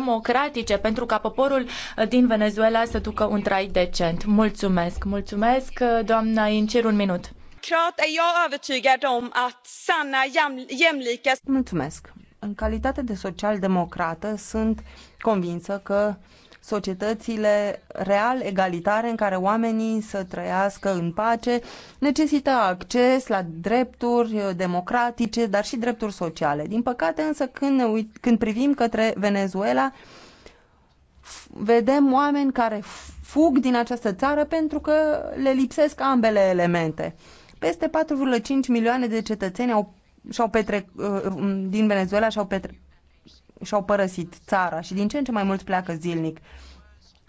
democratice pentru ca poporul uh, din Venezuela să ducă un trai decent. Mulțumesc, mulțumesc, uh, doamna Incir, un minut. Mulțumesc. În calitate de social-democrată sunt convinsă că societățile real egalitare în care oamenii să trăiască în pace, necesită acces la drepturi democratice, dar și drepturi sociale. Din păcate însă când, ne uit, când privim către Venezuela, vedem oameni care fug din această țară pentru că le lipsesc ambele elemente. Peste 4,5 milioane de cetățeni au, și-au petrec, uh, um, din Venezuela și-au petre, și-au părăsit țara și din ce în ce mai mulți pleacă zilnic.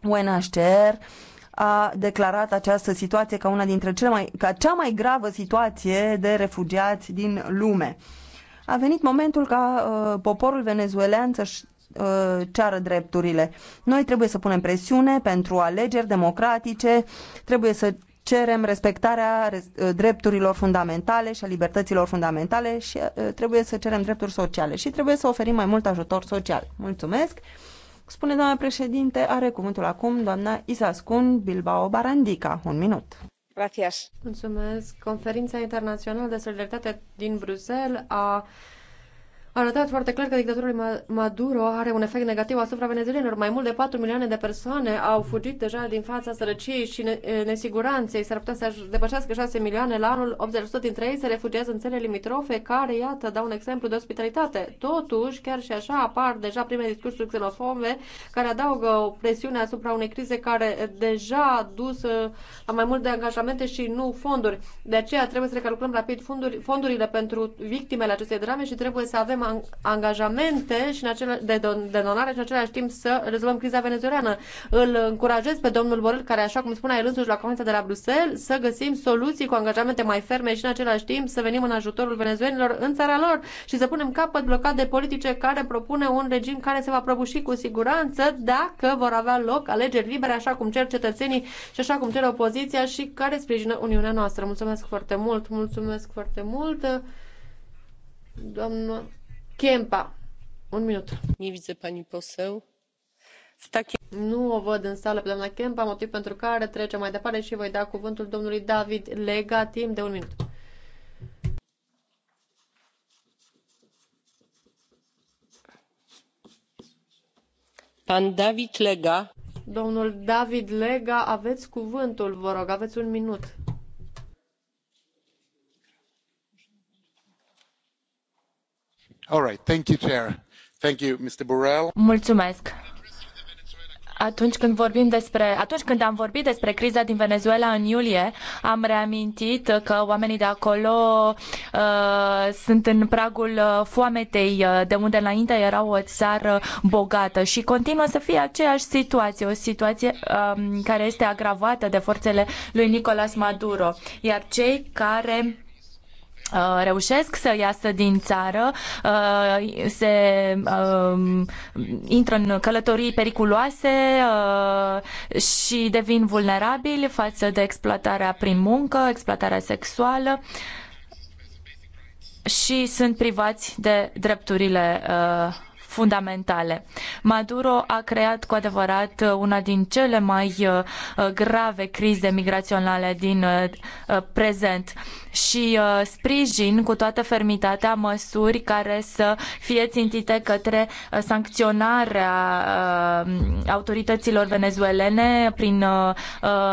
UNHCR a declarat această situație ca una dintre cele mai, ca cea mai gravă situație de refugiați din lume. A venit momentul ca uh, poporul venezuelan să-și uh, ceară drepturile. Noi trebuie să punem presiune pentru alegeri democratice, trebuie să cerem respectarea drepturilor fundamentale și a libertăților fundamentale și uh, trebuie să cerem drepturi sociale și trebuie să oferim mai mult ajutor social. Mulțumesc! Spune doamna președinte, are cuvântul acum doamna Isascun Bilbao Barandica. Un minut. Gracias. Mulțumesc. Conferința Internațională de Solidaritate din Bruxelles a arătat foarte clar că dictatura lui Maduro are un efect negativ asupra venezuelenilor. Mai mult de 4 milioane de persoane au fugit deja din fața sărăciei și nesiguranței. S-ar putea să depășească 6 milioane la anul. 80% dintre ei se refugiază în țările limitrofe, care, iată, dau un exemplu de ospitalitate. Totuși, chiar și așa apar deja prime discursuri xenofobe care adaugă o presiune asupra unei crize care deja a dus la mai mult de angajamente și nu fonduri. De aceea trebuie să recalculăm rapid fondurile pentru victimele acestei drame și trebuie să avem avem angajamente și în acele, de donare și în același timp să rezolvăm criza venezuelană. Îl încurajez pe domnul Borel, care, așa cum spunea el însuși la conferința de la Bruxelles, să găsim soluții cu angajamente mai ferme și în același timp să venim în ajutorul venezuelilor în țara lor și să punem capăt de politice care propune un regim care se va prăbuși cu siguranță dacă vor avea loc alegeri libere, așa cum cer cetățenii și așa cum cer opoziția și care sprijină Uniunea noastră. Mulțumesc foarte mult, mulțumesc foarte mult. Doamna Kempa, un minut. Nu o văd în sală pe doamna Kempa, motiv pentru care trecem mai departe și voi da cuvântul domnului David Lega, timp de un minut. Pan David Lega. Domnul David Lega, aveți cuvântul, vă rog, aveți un minut. Mulțumesc. Atunci când, vorbim despre, atunci când am vorbit despre criza din Venezuela în iulie, am reamintit că oamenii de acolo uh, sunt în pragul uh, foametei, uh, de unde înainte era o țară bogată și continuă să fie aceeași situație, o situație um, care este agravată de forțele lui Nicolas Maduro. Iar cei care Uh, reușesc să iasă din țară, uh, se um, intră în călătorii periculoase uh, și devin vulnerabili față de exploatarea prin muncă, exploatarea sexuală și sunt privați de drepturile fundamentale. Maduro a creat cu adevărat uh, una din cele mai uh, grave crize migraționale din uh, prezent și sprijin cu toată fermitatea măsuri care să fie țintite către sancționarea autorităților venezuelene prin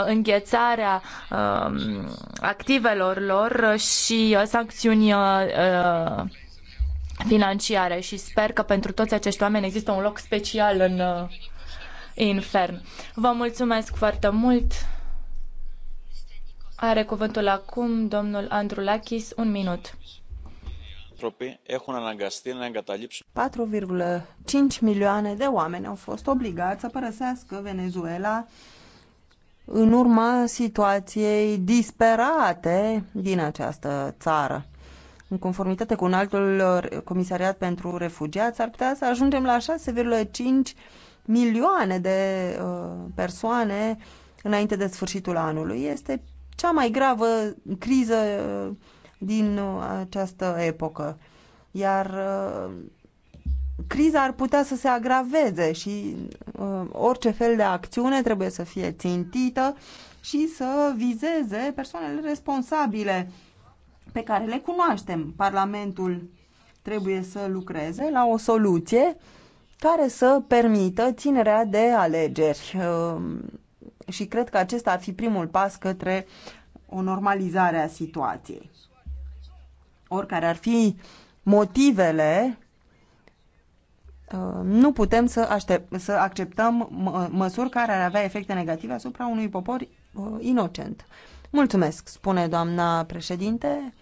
înghețarea um, activelor lor și sancțiuni financiare și sper că pentru toți acești oameni există un loc special în uh, infern. Vă mulțumesc foarte mult. Are cuvântul acum domnul Andrew Lachis, un minut. 4,5 milioane de oameni au fost obligați să părăsească Venezuela în urma situației disperate din această țară în conformitate cu un altul uh, comisariat pentru refugiați, ar putea să ajungem la 6,5 milioane de uh, persoane înainte de sfârșitul anului. Este cea mai gravă criză uh, din această epocă. Iar criza ar putea să se agraveze și orice fel de acțiune trebuie să fie țintită și să vizeze persoanele responsabile pe care le cunoaștem. Parlamentul trebuie să lucreze la o soluție care să permită ținerea de alegeri. Ehm, și cred că acesta ar fi primul pas către o normalizare a situației. Oricare ar fi motivele, ehm, nu putem să, aștept, să acceptăm măsuri care ar avea efecte negative asupra unui popor ehm, inocent. Mulțumesc, spune doamna președinte.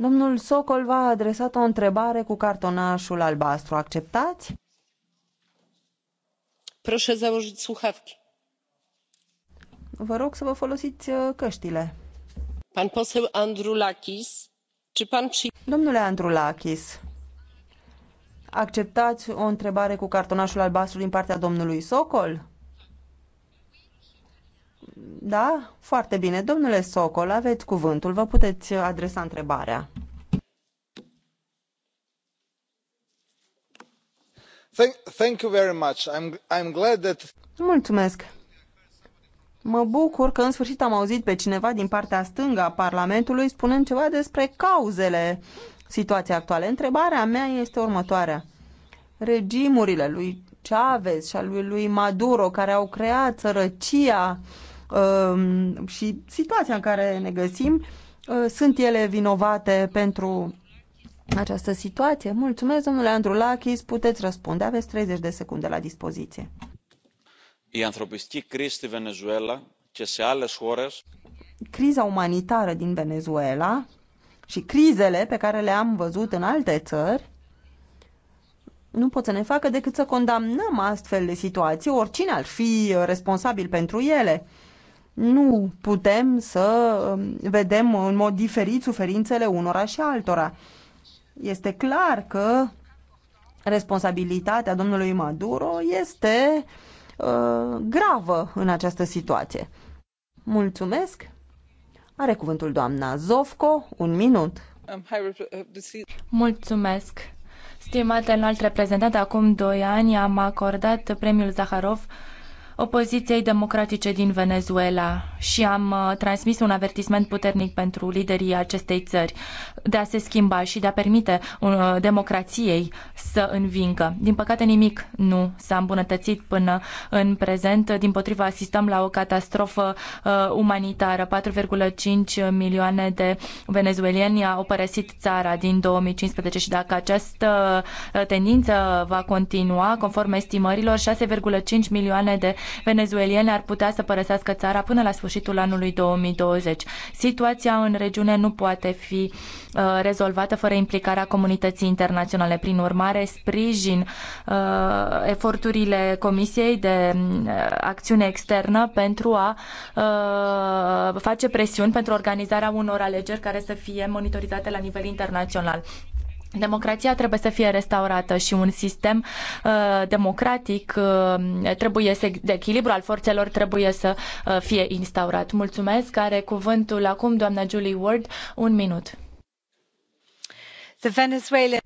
Domnul Socol v-a adresat o întrebare cu cartonașul albastru. Acceptați? Proșe założyć suhavki. Vă rog să vă folosiți uh, căștile. Pan Andru Andrulakis, Ci pan przy... Domnule Andrulakis, acceptați o întrebare cu cartonașul albastru din partea domnului Socol? Da? Foarte bine. Domnule Socol, aveți cuvântul. Vă puteți adresa întrebarea. Thank you very much. I'm, I'm glad that... Mulțumesc. Mă bucur că în sfârșit am auzit pe cineva din partea stângă a Parlamentului spunând ceva despre cauzele situației actuale. Întrebarea mea este următoarea. Regimurile lui Chavez și al lui, Maduro care au creat sărăcia Um, și situația în care ne găsim, uh, sunt ele vinovate pentru această situație? Mulțumesc, domnule Andru Lachis, puteți răspunde, aveți 30 de secunde la dispoziție. Η ανθρωπιστική κρίση στη Βενεζουέλα και σε άλλες criza umanitară din Venezuela și crizele pe care le-am văzut în alte țări nu pot să ne facă decât să condamnăm astfel de situații, oricine ar fi responsabil pentru ele. Nu putem să um, vedem în mod diferit suferințele unora și altora. Este clar că responsabilitatea domnului Maduro este uh, gravă în această situație. Mulțumesc. Are cuvântul doamna Zovco, un minut. Um, uh, Mulțumesc. Stimate înalt reprezentant, acum doi ani am acordat premiul Zaharov uh, opoziției democratice din Venezuela și am uh, transmis un avertisment puternic pentru liderii acestei țări de a se schimba și de a permite uh, democrației să învingă. Din păcate nimic nu s-a îmbunătățit până în prezent. Din potrivă asistăm la o catastrofă uh, umanitară. 4,5 milioane de venezuelieni au părăsit țara din 2015 și dacă această tendință va continua, conform estimărilor, 6,5 milioane de venezuelieni ar putea să părăsească țara până la sfârșitul anului 2020. Situația în regiune nu poate fi uh, rezolvată fără implicarea comunității internaționale. Prin urmare, sprijin uh, eforturile Comisiei de uh, Acțiune Externă pentru a uh, face presiuni pentru organizarea unor alegeri care să fie monitorizate la nivel internațional. Democrația trebuie să fie restaurată și un sistem uh, democratic uh, trebuie să, de echilibru al forțelor trebuie să uh, fie instaurat. Mulțumesc. Are cuvântul acum doamna Julie Ward. Un minut. The Venezuelan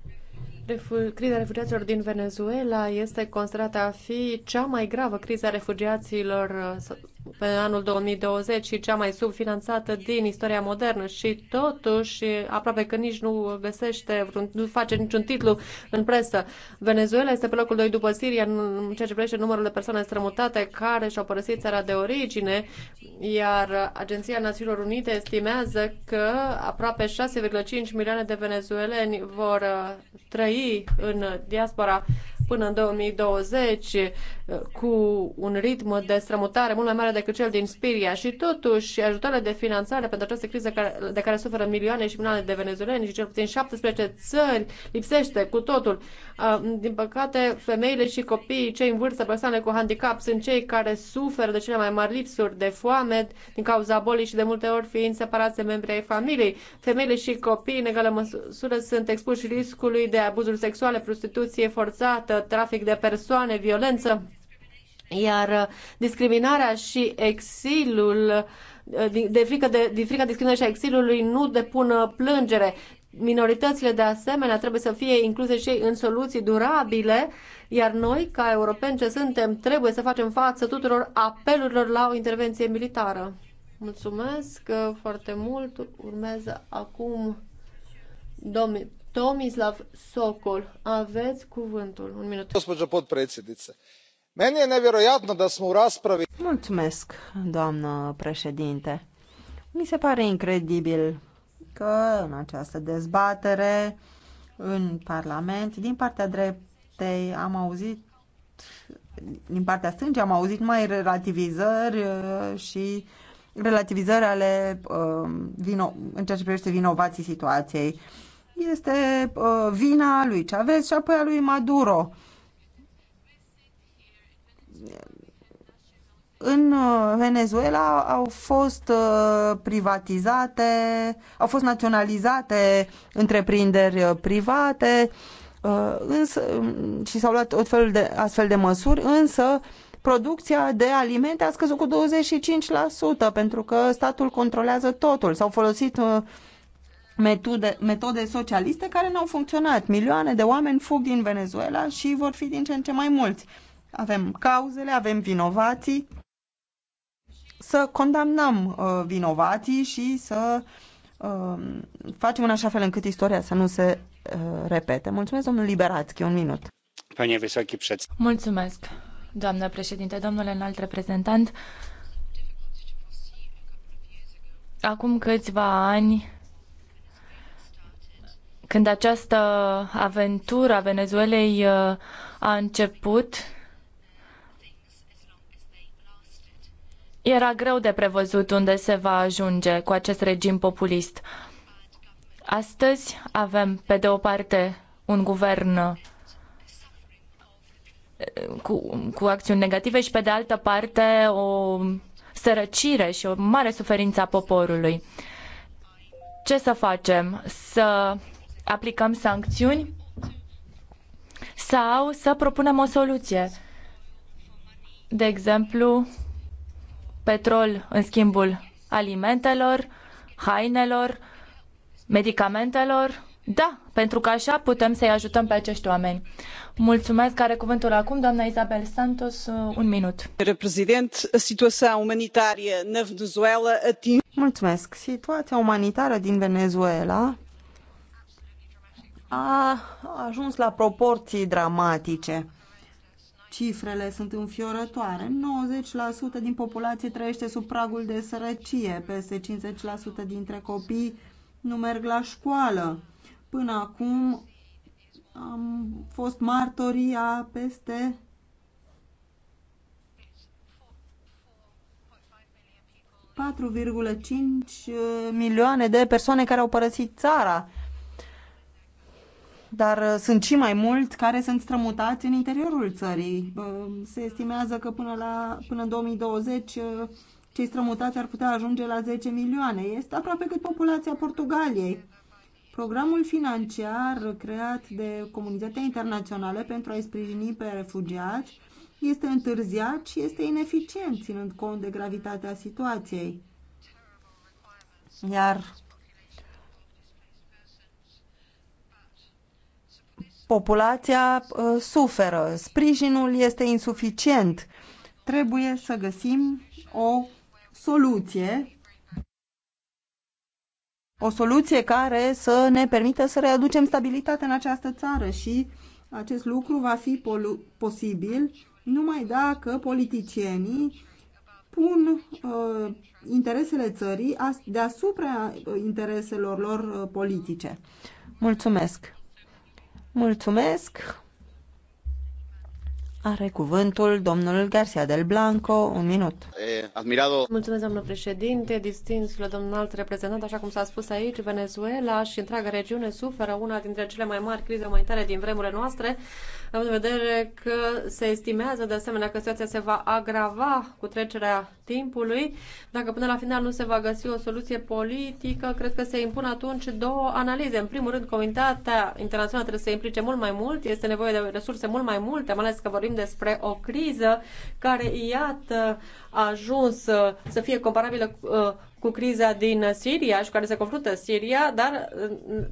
Criza refugiaților din Venezuela este considerată a fi cea mai gravă criza refugiaților uh, pe anul 2020 și cea mai subfinanțată din istoria modernă și totuși aproape că nici nu găsește, nu face niciun titlu în presă. Venezuela este pe locul 2 după Siria în ceea ce privește numărul de persoane strămutate care și-au părăsit țara de origine, iar Agenția Națiunilor Unite estimează că aproape 6,5 milioane de venezueleni vor uh, trăi în diaspora până în 2020 eh, cu un ritm de strămutare mult mai mare decât cel din Spiria și totuși ajutoarele de finanțare pentru această criză de care suferă milioane și milioane de venezueleni și cel puțin 17 țări lipsește cu totul. Ah, din păcate, femeile și copiii, cei în vârstă, persoanele cu handicap sunt cei care suferă de cele mai mari lipsuri de foame din cauza bolii și de multe ori fiind separați de membri ai familiei. Femeile și copiii în egală măsură sunt expuși riscului de abuzuri sexuale, prostituție forțată, trafic de persoane, violență, iar uh, discriminarea și exilul uh, de frică de, de frică discriminării și exilului nu depun uh, plângere. Minoritățile de asemenea trebuie să fie incluse și în soluții durabile, iar noi, ca europeni ce suntem, trebuie să facem față tuturor apelurilor la o intervenție militară. Mulțumesc foarte mult. Urmează acum domnul Tomislav Sokol, aveți cuvântul. Un minut. Gospođo podpredsjednice, meni je nevjerojatno da smo u raspravi... Mulțumesc, doamnă președinte. Mi se pare incredibil că în această dezbatere în Parlament, din partea dreptei am auzit din partea stângii am auzit mai relativizări uh, și relativizări ale uh, vino, în ceea ce privește vinovații situației este uh, vina lui Chavez și apoi a lui Maduro. În uh, Venezuela au fost uh, privatizate, au fost naționalizate întreprinderi uh, private însă, mm, și s-au luat tot felul de, astfel de măsuri, însă producția de alimente a scăzut cu 25% pentru că statul controlează totul. S-au folosit metode, metode socialiste care nu au funcționat. Milioane de oameni fug din Venezuela și vor fi din ce în ce mai mulți. Avem cauzele, avem vinovații. Să condamnăm uh, vinovații și să uh, facem în așa fel încât istoria să nu se uh, repete. Mulțumesc, domnul Liberațchi, un minut. Mulțumesc, doamnă președinte, domnule înalt reprezentant. Acum câțiva ani, când această aventură a Venezuelei uh, a început, era greu de prevăzut unde se va ajunge cu acest regim populist. Astăzi avem, pe de o parte, un guvern uh, cu, cu acțiuni negative și, pe de altă parte, o sărăcire și o mare suferință a poporului. Ce să facem? Să aplicăm sancțiuni sau să propunem o soluție. De exemplu, petrol în schimbul alimentelor, hainelor, medicamentelor. Da, pentru că așa putem să-i ajutăm pe acești oameni. Mulțumesc. Are cuvântul acum doamna Isabel Santos, uh, un minut. Reprezident, situația umanitară în Venezuela atinge. Mulțumesc. Situația umanitară din Venezuela a ajuns la proporții dramatice. Cifrele sunt înfiorătoare. 90% din populație trăiește sub pragul de sărăcie. Peste 50% dintre copii nu merg la școală. Până acum am fost martorii peste 4,5 milioane de persoane care au părăsit țara dar uh, sunt și mai mulți care sunt strămutați în interiorul țării. Uh, se estimează că până, la, până în 2020 uh, cei strămutați ar putea ajunge la 10 milioane. Este aproape cât populația Portugaliei. Programul financiar creat de comunitatea internațională pentru a-i sprijini pe refugiați este întârziat și este ineficient, ținând cont de gravitatea situației. Iar populația uh, suferă, sprijinul este insuficient. Trebuie să găsim o soluție, o soluție care să ne permită să readucem stabilitatea în această țară și acest lucru va fi posibil numai dacă politicienii pun uh, interesele țării deasupra intereselor lor uh, politice. Mulțumesc! Mulțumesc. Are cuvântul domnul Garcia del Blanco, un minut. Admirado. Mulțumesc, doamnă președinte, distinsul domnul alt reprezentant, așa cum s-a spus aici, Venezuela și întreaga regiune suferă una dintre cele mai mari crize umanitare din vremurile noastre am în vedere că se estimează de asemenea că situația se va agrava cu trecerea timpului. Dacă până la final nu se va găsi o soluție politică, cred că se impun atunci două analize. În primul rând, comunitatea internațională trebuie să se implice mult mai mult, este nevoie de resurse mult mai multe, mai ales că vorbim despre o criză care, iată, a ajuns să fie comparabilă uh, cu criza din Siria și care se confruntă Siria, dar,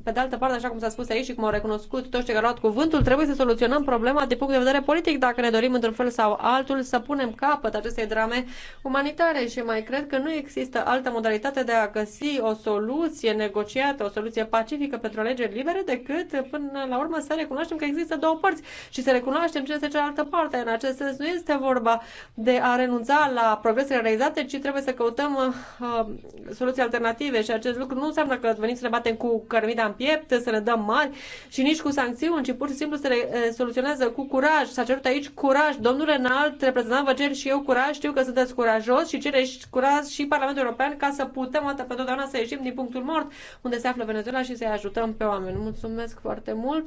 pe de altă parte, așa cum s-a spus aici și cum au recunoscut toți cei care au luat cuvântul, trebuie să soluționăm problema din punct de vedere politic, dacă ne dorim într-un fel sau altul să punem capăt acestei drame umanitare și mai cred că nu există altă modalitate de a găsi o soluție negociată, o soluție pacifică pentru alegeri libere, decât până la urmă să recunoaștem că există două părți și să recunoaștem ce este cealaltă parte. În acest sens nu este vorba de a renunța la progresele realizate, ci trebuie să căutăm uh, soluții alternative și acest lucru nu înseamnă că venim să ne batem cu cărmida în piept, să ne dăm mari și nici cu sancțiuni, ci pur și simplu să le eh, soluționează cu curaj. S-a cerut aici curaj. Domnule înalt, reprezentant, vă cer și eu curaj, știu că sunteți curajos și cereți curaj și Parlamentul European ca să putem atât pe totdeauna să ieșim din punctul mort unde se află Venezuela și să-i ajutăm pe oameni. Mulțumesc foarte mult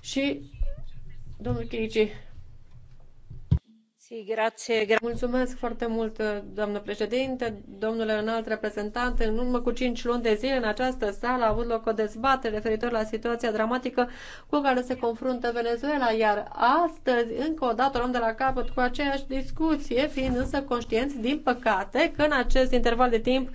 și domnul Chirici, Mulțumesc foarte mult, doamnă președinte, domnule înalt reprezentant. În urmă cu cinci luni de zile în această sală a avut loc o dezbatere referitor la situația dramatică cu care se confruntă Venezuela, iar astăzi încă o dată o luăm de la capăt cu aceeași discuție, fiind însă conștienți, din păcate, că în acest interval de timp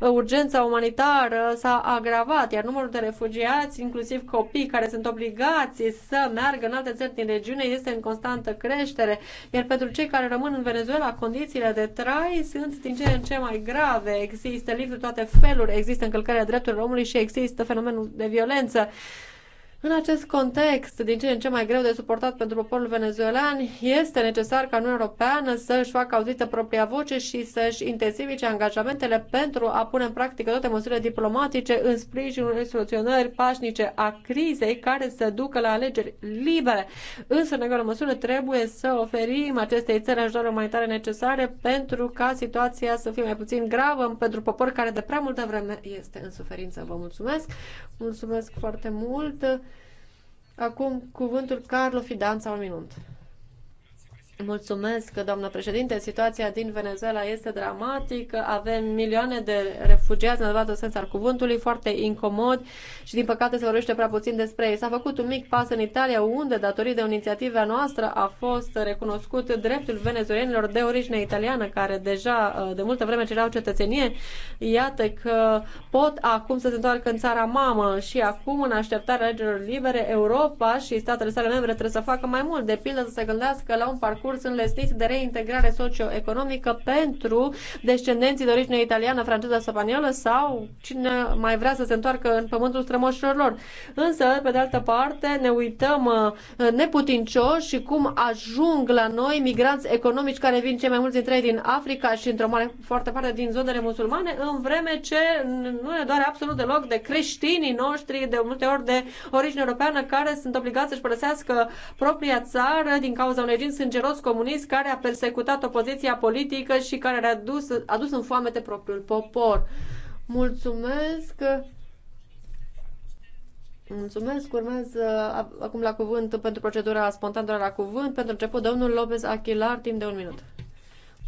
urgența umanitară s-a agravat, iar numărul de refugiați, inclusiv copii care sunt obligați să meargă în alte țări din regiune, este în constantă creștere, iar pentru cei cei care rămân în Venezuela, condițiile de trai sunt din ce în ce mai grave. Există lipsă de toate feluri, există încălcarea drepturilor omului și există fenomenul de violență. Uh, în acest context, din ce în ce mai greu de suportat pentru poporul venezuelan, este necesar ca Uniunea Europeană să își facă auzită propria voce și să-și intensifice angajamentele pentru a pune în practică toate măsurile diplomatice în sprijinul unei soluționări pașnice a crizei care să ducă la alegeri libere. Însă, în egală măsură, trebuie să oferim acestei țări ajutoare umanitare necesare pentru ca situația să fie mai puțin gravă pentru popor care de prea multă vreme este în suferință. Vă mulțumesc! Mulțumesc foarte mult! Acum, cuvântul Carlo Fidanța, un minut. Mulțumesc, doamnă președinte. Situația din Venezuela este dramatică. Avem milioane de refugiați, în adevăratul sens al cuvântului, foarte incomod. și, din păcate, se vorbește prea puțin despre ei. S-a făcut un mic pas în Italia, unde, datorită inițiativa noastră, a fost recunoscut dreptul venezuelenilor de origine italiană, care deja uh, de multă vreme cereau cetățenie. Iată că pot acum să se întoarcă în țara mamă și acum, în așteptarea legilor libere, Europa și statele sale membre trebuie să facă mai mult. De pildă, să se gândească la un parcurs parcurs înlesniți de reintegrare socioeconomică pentru descendenții de origine italiană, franceză, spaniolă sau cine mai vrea să se întoarcă în pământul strămoșilor lor. Însă, pe de altă parte, ne uităm uh, neputincioși și cum ajung la noi migranți economici care vin cei mai mulți dintre ei din Africa și într-o mare foarte parte din zonele musulmane, în vreme ce nu ne doare absolut deloc de creștinii noștri, de multe ori de origine europeană, care sunt obligați să-și părăsească propria țară din cauza unui regim sângeros fost comunist care a persecutat opoziția politică și care a dus, a dus în foamete propriul popor. Mulțumesc! Mulțumesc, urmez acum la cuvânt pentru procedura spontană la cuvânt. Pentru început, domnul Lopez Achilar, timp de un minut.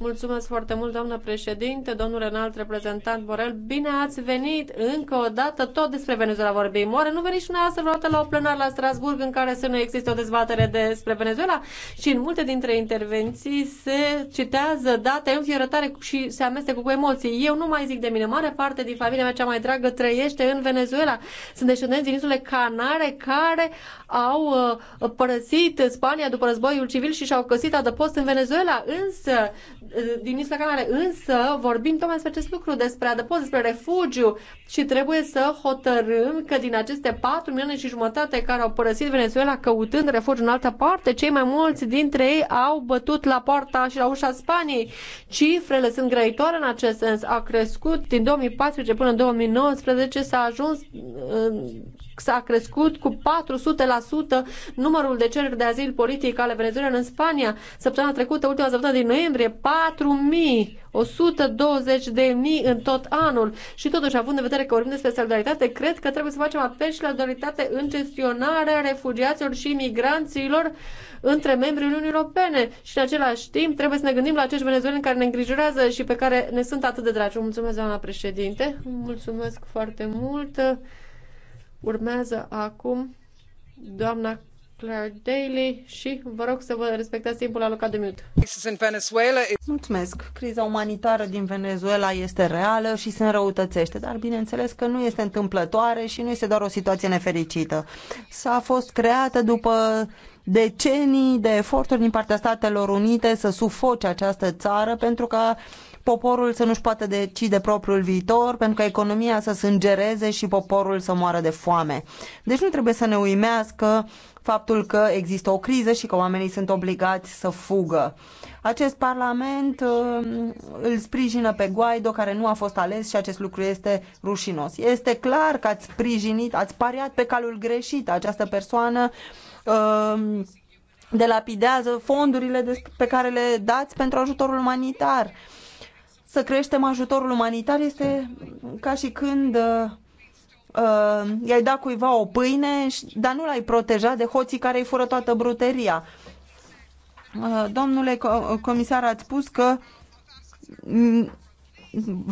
Mulțumesc foarte mult, doamnă președinte, domnule înalt reprezentant Borel. Bine ați venit încă o dată, tot despre Venezuela vorbim. Oare nu veniți și dumneavoastră vreodată la o plenară la Strasburg în care să nu există o dezbatere despre Venezuela? Și în multe dintre intervenții se citează date înfierătare și se amestecă cu emoții. Eu nu mai zic de mine. Mare parte din familia mea cea mai dragă trăiește în Venezuela. Sunt descendenți din insule Canare care au uh, părăsit Spania după războiul civil și și-au căsit adăpost în Venezuela. Însă, Eh, din insula canale, Însă vorbim tocmai despre acest lucru, despre adăpost, despre refugiu și trebuie să hotărâm că din aceste 4 milioane și jumătate care au părăsit Venezuela căutând refugiu în altă parte, cei mai mulți dintre ei au bătut la poarta și la ușa Spaniei. Cifrele sunt grăitoare în acest sens. A crescut din 2014 până în 2019, s-a ajuns eh, s a crescut cu 400% numărul de cereri de azil politic ale Venezuelei în Spania. Săptămâna trecută, ultima săptămână din noiembrie, 4.000 de mii în tot anul. Și totuși, având în vedere că vorbim despre solidaritate, cred că trebuie să facem apel și la solidaritate în gestionarea refugiaților și migranților între membrii Uniunii Europene. Și în același timp trebuie să ne gândim la acești venezueleni care ne îngrijorează și pe care ne sunt atât de dragi. Mulțumesc, doamna președinte. Mulțumesc foarte mult. Urmează acum doamna Claire Daly și vă rog să vă respectați timpul alocat de minut. Mulțumesc. Criza umanitară din Venezuela este reală și se înrăutățește, dar bineînțeles că nu este întâmplătoare și nu este doar o situație nefericită. S-a fost creată după decenii de eforturi din partea Statelor Unite să sufoce această țară pentru că poporul să nu-și poată decide propriul viitor, pentru ca economia să sângereze și poporul să moară de foame. Deci nu trebuie să ne uimească faptul că există o criză și că oamenii sunt obligați să fugă. Acest parlament um, îl sprijină pe Guaido, care nu a fost ales și acest lucru este rușinos. Este clar că ați sprijinit, ați pariat pe calul greșit. Această persoană um, de lapidează fondurile pe care le dați pentru ajutorul umanitar să creștem ajutorul umanitar este ca și când uh, i-ai da cuiva o pâine, dar nu l-ai proteja de hoții care îi fură toată bruteria. Uh, domnule comisar, ați spus că mm,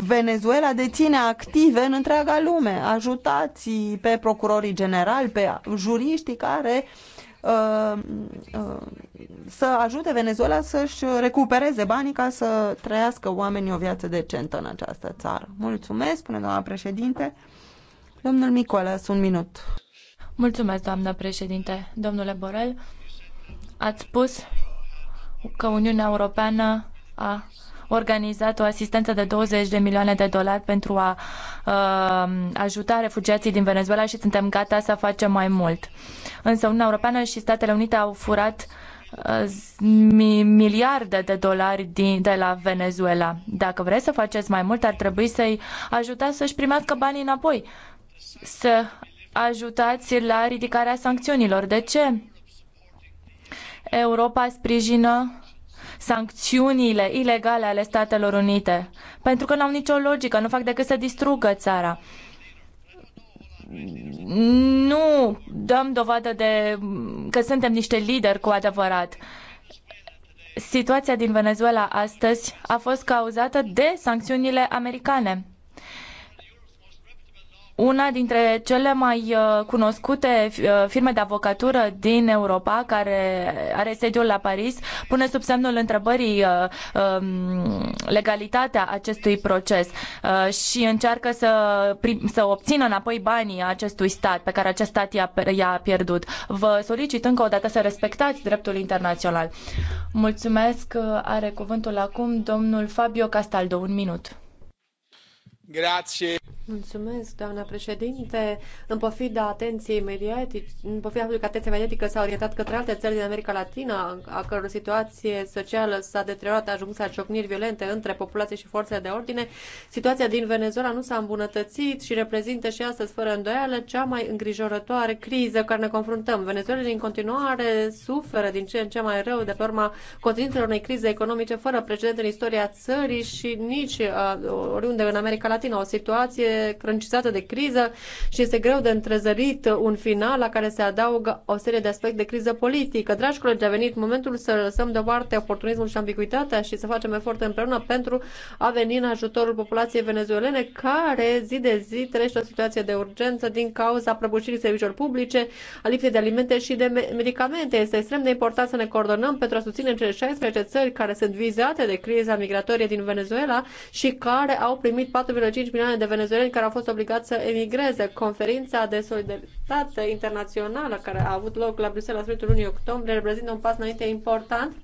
Venezuela deține active în întreaga lume. Ajutați pe procurorii generali, pe juriștii care uh, Uh, uh, să ajute Venezuela să-și recupereze banii ca să trăiască oamenii o viață decentă în această țară. Mulțumesc, spune doamna președinte. Domnul Micola, un minut. Mulțumesc, doamna președinte. Domnule Borel, ați spus că Uniunea Europeană a organizat o asistență de 20 de milioane de dolari pentru a uh, ajuta refugiații din Venezuela și suntem gata să facem mai mult. Însă Uniunea Europeană și Statele Unite au furat uh, miliarde de dolari din, de la Venezuela. Dacă vreți să faceți mai mult, ar trebui să-i ajutați să-și primească banii înapoi. Să ajutați la ridicarea sancțiunilor. De ce? Europa sprijină sancțiunile ilegale ale Statelor Unite, pentru că n-au nicio logică, nu fac decât să distrugă țara nu dăm dovadă de că suntem niște lideri cu adevărat. Situația din Venezuela astăzi a fost cauzată de sancțiunile americane una dintre cele mai uh, cunoscute uh, firme de avocatură din Europa, care are sediul la Paris, pune sub semnul întrebării uh, um, legalitatea acestui proces și încearcă să, să obțină înapoi banii acestui stat pe care acest stat i-a pierdut. Vă solicit încă o dată să respectați dreptul internațional. Mulțumesc. Are cuvântul acum domnul Fabio Castaldo. Un minut. Grazie. Mulțumesc, doamna președinte. În pofida atenției mediatice, în pofida faptului că atenția mediatică s-a orientat către alte țări din America Latina, a căror situație socială s-a deteriorat, a ajuns la ciocniri violente între populație și forțele de ordine, situația din Venezuela nu s-a îmbunătățit și reprezintă și astăzi, fără îndoială, cea mai îngrijorătoare criză care ne confruntăm. Venezuela în continuare suferă din ce în ce mai rău de pe urma continuitelor unei crize economice fără precedent în istoria țării și nici uh, oriunde în America Latina. O situație crâncizată de criză și este greu de întrezărit un final la care se adaugă o serie de aspecte de criză politică. Dragi colegi, a venit momentul să lăsăm deoparte oportunismul și ambiguitatea și să facem efort împreună pentru a veni în ajutorul populației venezuelene care zi de zi trăiește o situație de urgență din cauza prăbușirii serviciilor publice, a lipsei de alimente și de medicamente. Este extrem de important să ne coordonăm pentru a susține cele 16 țări care sunt vizate de criza migratorie din Venezuela și care au primit 4,5 milioane de venezueleni oameni care au fost obligați să emigreze. Conferința de solidaritate internațională care a avut loc la Bruxelles la sfârșitul lunii octombrie reprezintă un pas înainte important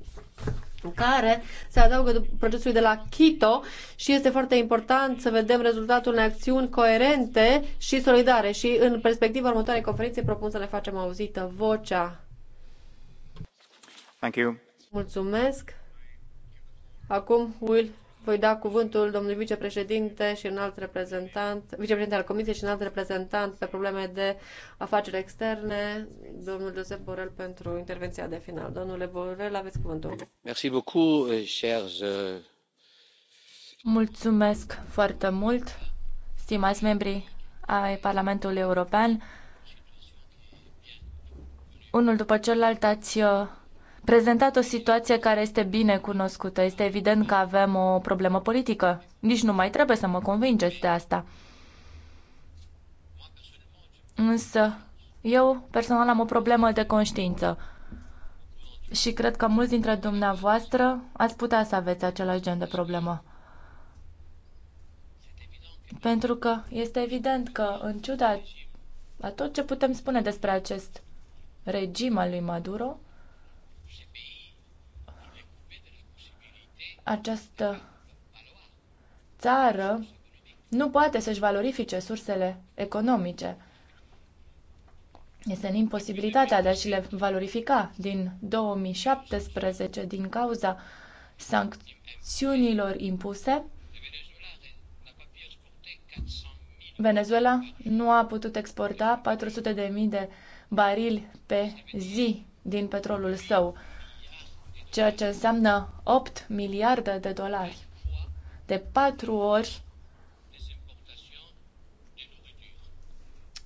care se adaugă procesului de la Quito și este foarte important să vedem rezultatul unei acțiuni coerente și solidare și în perspectiva următoarei conferințe propun să ne facem auzită vocea. Thank you. Mulțumesc. Acum Will voi da cuvântul domnului vicepreședinte și un alt reprezentant, vicepreședinte al Comisiei și un alt reprezentant pe probleme de afaceri externe, domnul Josep Borel, pentru intervenția de final. Domnule Borel, aveți cuvântul. Merci beaucoup, chers... Euh, Mulțumesc foarte mult, stimați membri ai Parlamentului European. Unul după celălalt ați prezentat o situație care este bine cunoscută. Este evident că avem o problemă politică. Nici nu mai trebuie să mă convingeți de asta. Însă, eu personal am o problemă de conștiință. Și cred că mulți dintre dumneavoastră ați putea să aveți același gen de problemă. Pentru că este evident că, în ciuda a tot ce putem spune despre acest regim al lui Maduro, această țară nu poate să-și valorifice sursele economice. Este în imposibilitatea de a-și le valorifica din 2017 din cauza sancțiunilor impuse. Venezuela nu a putut exporta 400.000 de barili pe zi din petrolul său ceea ce înseamnă 8 miliarde de dolari. De patru ori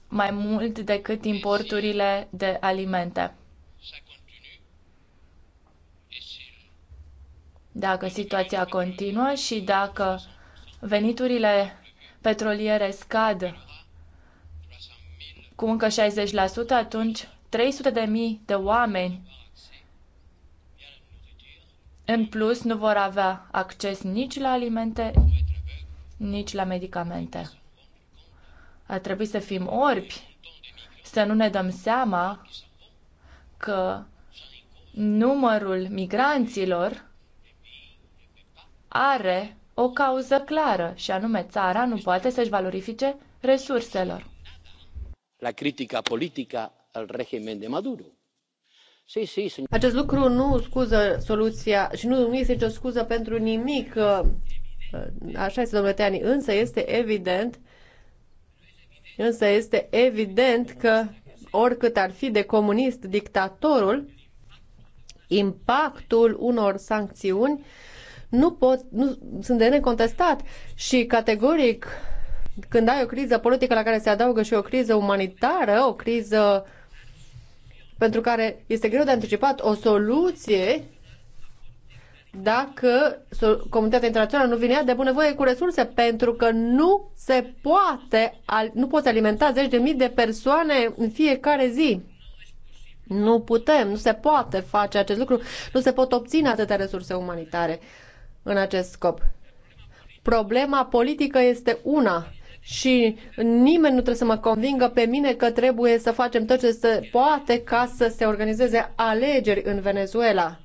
mai mult decât importurile de alimente. Dacă situația continuă și dacă veniturile petroliere scad cu încă 60%, atunci 300 de mii de oameni în plus, nu vor avea acces nici la alimente, nici la medicamente. A trebuit să fim orbi, să nu ne dăm seama că numărul migranților are o cauză clară, și anume țara nu poate să-și valorifice resurselor. La critica politică al regimului de Maduro acest lucru nu scuză soluția și nu, este nicio scuză pentru nimic. Uh, uh, așa este, domnule Teani, însă este evident însă este evident că oricât ar fi de comunist dictatorul, impactul unor sancțiuni nu pot, nu, sunt de necontestat și categoric când ai o criză politică la care se adaugă și o criză umanitară, o criză uh, pentru care este greu de anticipat o soluție dacă comunitatea internațională nu vine de bunăvoie cu resurse, pentru că nu se poate, nu poți alimenta zeci de mii de persoane în fiecare zi. Nu putem, nu se poate face acest lucru, nu se pot obține atâtea resurse umanitare în acest scop. Problema politică este una, și nimeni nu trebuie să mă convingă pe mine că trebuie să facem tot ce se poate ca să se organizeze alegeri în Venezuela.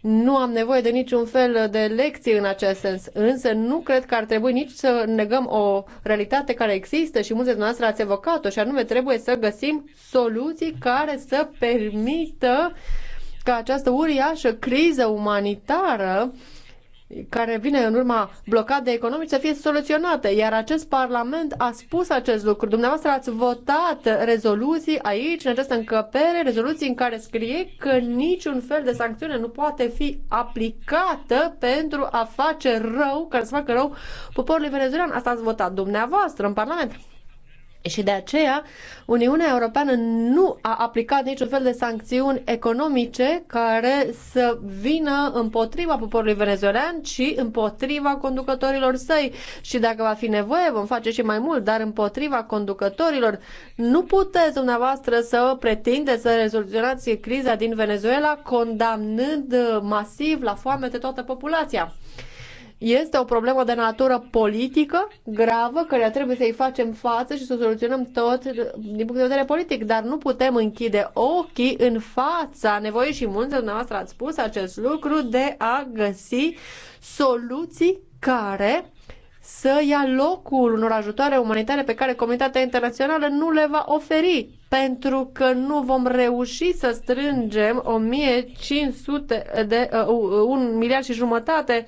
Nu am nevoie de niciun fel de lecții în acest sens, însă nu cred că ar trebui nici să negăm o realitate care există și mulți dintre noastre ați evocat-o și anume trebuie să găsim soluții care să permită ca această uriașă criză umanitară uh, care vine în urma blocadei economice să fie soluționată, Iar acest Parlament a spus acest lucru. Dumneavoastră ați votat rezoluții aici, în această încăpere, rezoluții în care scrie că niciun fel de sancțiune nu poate fi aplicată pentru a face rău, care să facă rău poporului venezuelan. Asta ați votat dumneavoastră în Parlament. Și de aceea, Uniunea Europeană nu a aplicat niciun fel de sancțiuni economice care să vină împotriva poporului venezuelan, ci împotriva conducătorilor săi. Și dacă va fi nevoie, vom face și mai mult, dar împotriva conducătorilor. Nu puteți dumneavoastră să pretindeți să rezolvați criza din Venezuela condamnând masiv la foame toată populația. Este o problemă de natură politică gravă, care trebuie să-i facem față și să o soluționăm tot din punct de vedere politic, dar nu putem închide ochii în fața nevoii și mulți de dumneavoastră ați spus acest lucru de a găsi soluții care să ia locul unor ajutoare umanitare pe care comunitatea internațională nu le va oferi, pentru că nu vom reuși să strângem 1500 de uh, un miliard și jumătate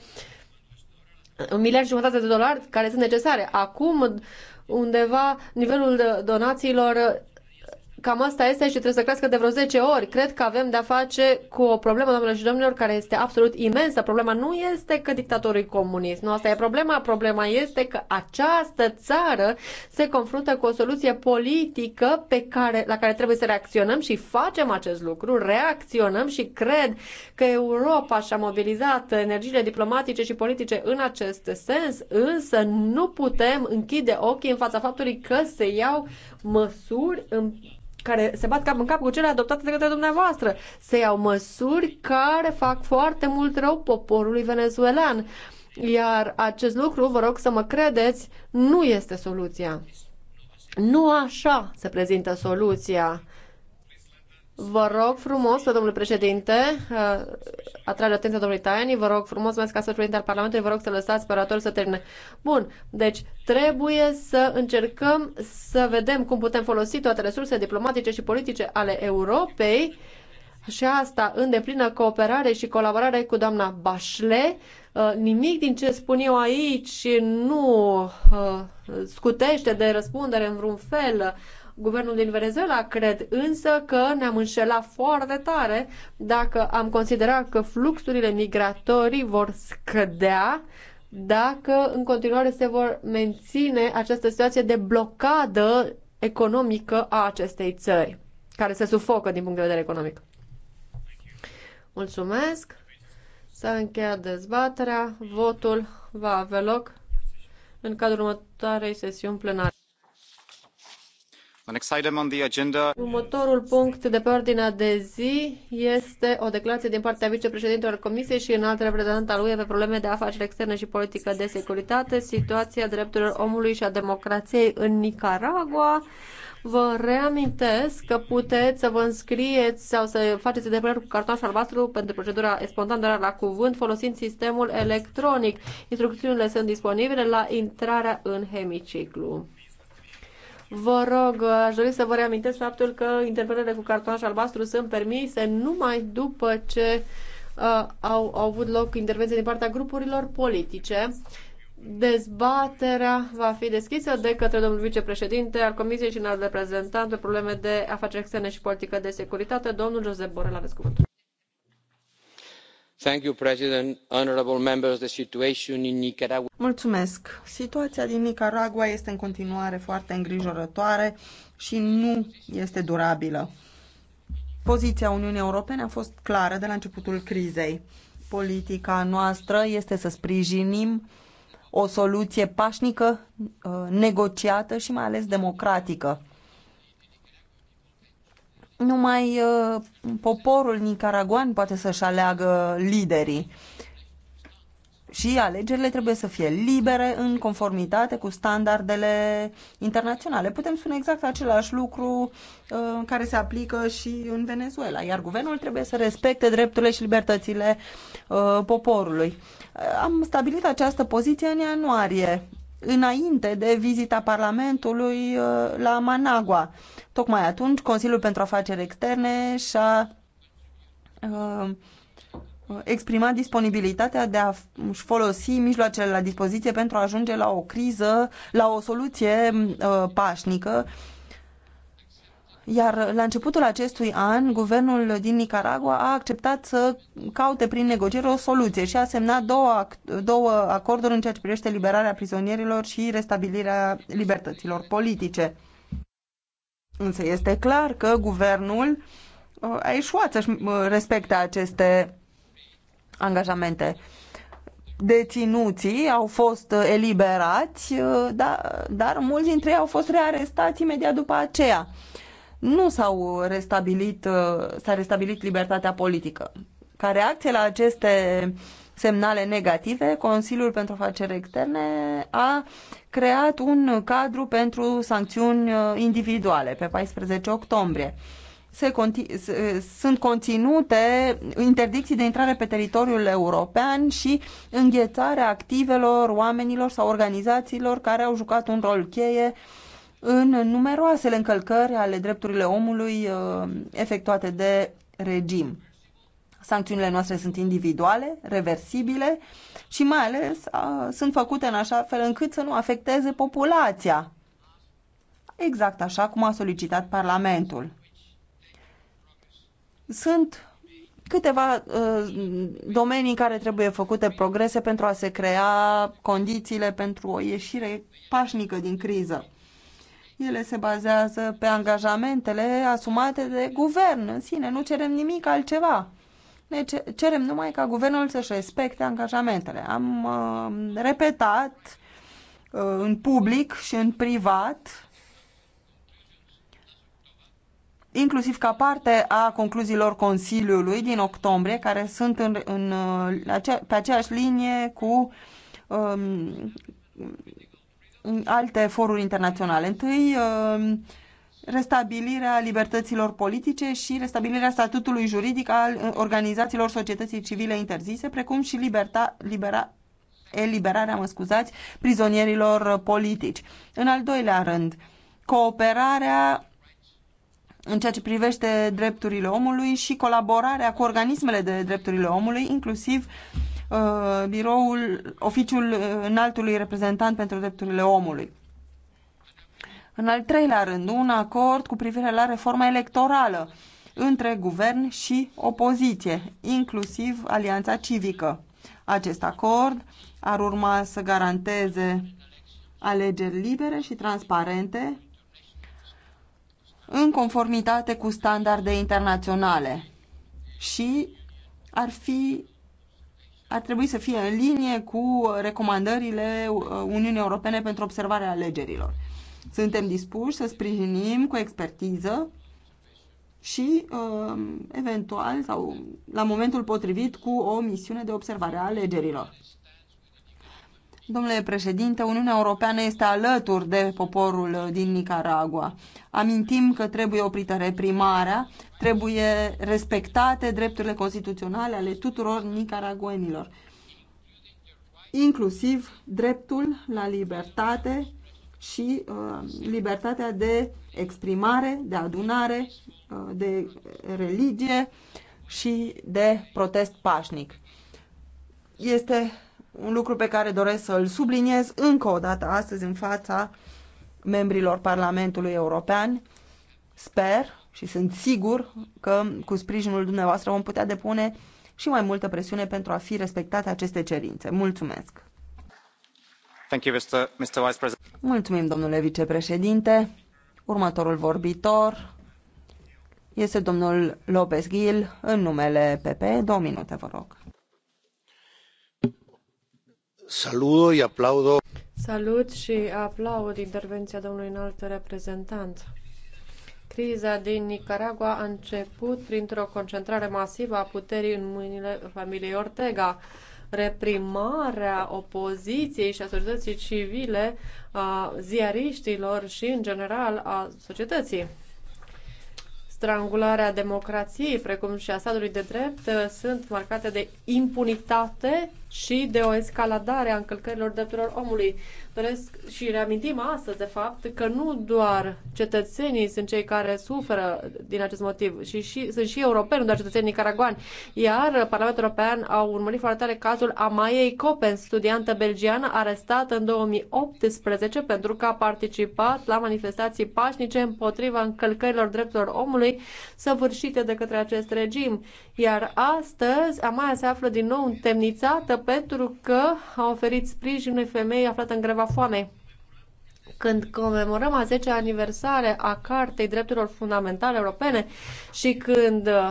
un miliard și jumătate de dolari care sunt necesare. Acum, undeva, nivelul donațiilor Cam asta este și trebuie să crească de vreo 10 ori. Cred că avem de-a face cu o problemă, doamnelor și domnilor, care este absolut imensă. Problema nu este că dictatorul e comunist, nu asta e problema. Problema este că această țară se confruntă cu o soluție politică pe care, la care trebuie să reacționăm și facem acest lucru, reacționăm și cred că Europa și-a mobilizat energiile diplomatice și politice în acest sens, însă nu putem închide ochii în fața faptului că se iau măsuri în care se bat cap în cap cu cele adoptate de către dumneavoastră. Se iau măsuri care fac foarte mult rău poporului venezuelan. Iar acest lucru, vă rog să mă credeți, nu este soluția. Nu așa se prezintă soluția Vă rog frumos, domnule președinte, uh, atrage atenția domnului Taiani, vă rog frumos, mai ca să președinte al Parlamentului, vă rog să lăsați pe orator să termine. Bun, deci trebuie să încercăm să vedem cum putem folosi toate resursele diplomatice și politice ale Europei și asta în deplină cooperare și colaborare cu doamna Bașle, uh, Nimic din ce spun eu aici nu uh, scutește de răspundere în vreun fel guvernul din Venezuela, cred însă că ne-am înșelat foarte tare dacă am considerat că fluxurile migratorii vor scădea dacă în continuare se vor menține această situație de blocadă economică a acestei țări, care se sufocă din punct de vedere economic. Mulțumesc. S-a încheiat dezbaterea. Votul va avea loc în cadrul următoarei sesiuni plenare. Următorul punct de pe ordinea de zi este o declarație din partea vicepreședintelor Comisiei și înalt reprezentant al UE pe probleme de afaceri externe și politică de securitate, situația drepturilor omului și a democrației în Nicaragua. Vă reamintesc că puteți să vă înscrieți sau să faceți depuneri cu cartonaș albastru pentru procedura spontană la cuvânt folosind sistemul electronic. Instrucțiunile sunt disponibile la intrarea în hemiciclu. Vă rog, aș dori să vă reamintesc faptul că intervenele cu carton și albastru sunt permise numai după ce uh, au, au avut loc intervenții din partea grupurilor politice. Dezbaterea va fi deschisă de către domnul vicepreședinte al Comisiei și înalt reprezentant pe probleme de afaceri externe și politică de securitate, domnul Josep Borel, aveți cuvântul. Mulțumesc. Situația din Nicaragua este în continuare foarte îngrijorătoare și nu este durabilă. Poziția Uniunii Europene a fost clară de la începutul crizei. Politica noastră este să sprijinim o soluție pașnică, uh, negociată și mai ales democratică. Numai uh, poporul nicaraguan poate să-și aleagă liderii. Și alegerile trebuie să fie libere în conformitate cu standardele internaționale. Putem spune exact același lucru uh, care se aplică și în Venezuela, iar guvernul trebuie să respecte drepturile și libertățile uh, poporului. Am stabilit această poziție în ianuarie înainte de vizita Parlamentului uh, la Managua. Tocmai atunci, Consiliul pentru Afaceri Externe și-a uh, exprimat disponibilitatea de a-și folosi mijloacele la dispoziție pentru a ajunge la o criză, la o soluție uh, pașnică iar la începutul acestui an, guvernul din Nicaragua a acceptat să caute prin negocieri o soluție și a semnat două, două acorduri în ceea ce privește liberarea prizonierilor și restabilirea libertăților politice. Însă este clar că guvernul uh, a ieșuat să-și uh, respecte aceste angajamente. Deținuții au fost uh, eliberați, dar, dar mulți dintre ei au fost rearestați imediat după aceea nu s-au restabilit, uh, s-a restabilit libertatea politică. Ca reacție la aceste semnale negative, Consiliul pentru Afaceri Externe a creat un cadru pentru sancțiuni uh, individuale pe 14 octombrie. Se conti- sunt conținute interdicții de intrare pe teritoriul european și înghețarea activelor oamenilor sau organizațiilor care au jucat un rol cheie uh, în numeroasele încălcări ale drepturilor omului uh, efectuate de regim. Sancțiunile noastre sunt individuale, reversibile și mai ales a, uh, sunt făcute în așa fel încât să nu afecteze populația. Exact așa cum a solicitat Parlamentul. Sunt câteva a, uh, domenii în care trebuie făcute progrese pentru a se crea condițiile pentru o ieșire pașnică din criză. Ele se bazează pe angajamentele asumate de guvern în sine. Nu cerem nimic altceva. Ne cerem numai ca guvernul să-și respecte angajamentele. Am uh, repetat uh, în public și în privat inclusiv ca parte a concluziilor Consiliului din octombrie, care sunt în, în, uh, pe aceeași linie cu Uh, alte foruri internaționale. Întâi, uh, restabilirea libertăților politice și restabilirea statutului juridic al uh, organizațiilor societății civile interzise, precum și liberta, libera, eliberarea, mă scuzați, prizonierilor uh, politici. În al doilea rând, cooperarea în ceea ce privește drepturile omului și colaborarea cu organismele de drepturile omului, inclusiv Uh, biroul, oficiul înaltului reprezentant pentru drepturile omului. În al treilea rând, un acord cu privire la reforma electorală între guvern și opoziție, inclusiv alianța civică. Acest acord ar urma să garanteze alegeri libere și transparente în conformitate cu standarde internaționale și ar fi ar trebui să fie în linie cu recomandările uh, Uniunii Europene pentru observarea alegerilor. Suntem dispuși să sprijinim cu expertiză și uh, eventual sau la momentul potrivit cu o misiune de observare a alegerilor. Domnule președinte, Uniunea Europeană este alături de poporul din Nicaragua. Amintim că trebuie oprită reprimarea, Trebuie respectate drepturile constituționale ale tuturor nicaraguenilor, inclusiv dreptul la libertate și uh, libertatea de exprimare, de adunare, uh, de religie și de protest pașnic. Este un lucru pe care doresc să-l subliniez încă o dată astăzi în fața membrilor Parlamentului European. Sper și sunt sigur că cu sprijinul dumneavoastră vom putea depune și mai multă presiune pentru a fi respectate aceste cerințe. Mulțumesc! Thank you, Mr. Mr. Vice President. Mulțumim, domnule vicepreședinte. Următorul vorbitor este domnul Lopez Gil, în numele PP. Două minute, vă rog. Saludo și aplaudo. Salut și aplaud intervenția domnului înalt reprezentant. Criza din Nicaragua a început printr-o concentrare masivă a puterii în mâinile familiei Ortega. Reprimarea opoziției și a societății civile, a ziariștilor și, în general, a societății strangularea democrației, precum și a statului de drept, sunt marcate de impunitate și de o escaladare a încălcărilor drepturilor omului. Doresc și reamintim astăzi, de fapt, că nu doar cetățenii sunt cei care suferă din acest motiv, și, și sunt și europeni, nu doar cetățenii caraguani. Iar Parlamentul European a urmărit foarte tare cazul Amaiei Copen, studiantă belgiană arestată în 2018 pentru că a participat la manifestații pașnice împotriva încălcărilor drepturilor omului săvârșite de către acest regim. Iar astăzi Amaia se află din nou întemnițată pentru că a oferit sprijin unei femei aflată în greva foamei. Când comemorăm a 10-a aniversare a Cartei Drepturilor Fundamentale Europene și când uh,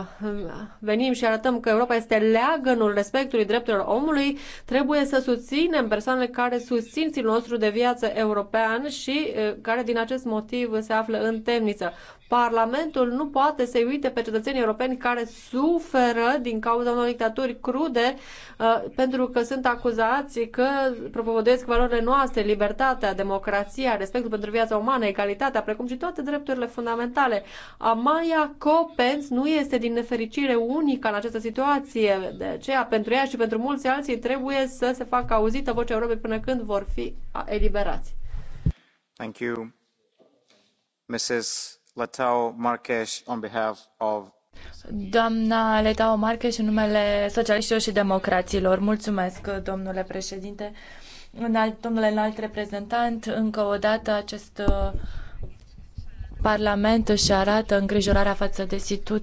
venim și arătăm că Europa este leagănul respectului drepturilor omului, trebuie să susținem persoanele care susțin stilul nostru de viață european și uh, care din acest motiv se află în temniță. Parlamentul nu poate să-i uite pe cetățenii europeni care suferă din cauza unor dictaturi crude uh, pentru că sunt acuzați că propovăduiesc valorile noastre, libertatea, democrația, respectul pentru viața umană, egalitatea, precum și toate drepturile fundamentale. Amaya Copens nu este din nefericire unică în această situație. De aceea, pentru ea și pentru mulți alții, trebuie să se facă auzită vocea Europei până când vor fi eliberați. Thank you. Mrs. Letao Marques Letao Marques în numele socialiștilor și democraților. Mulțumesc, domnule președinte. domnule înalt reprezentant, încă o dată acest uh, Parlament își arată îngrijorarea față de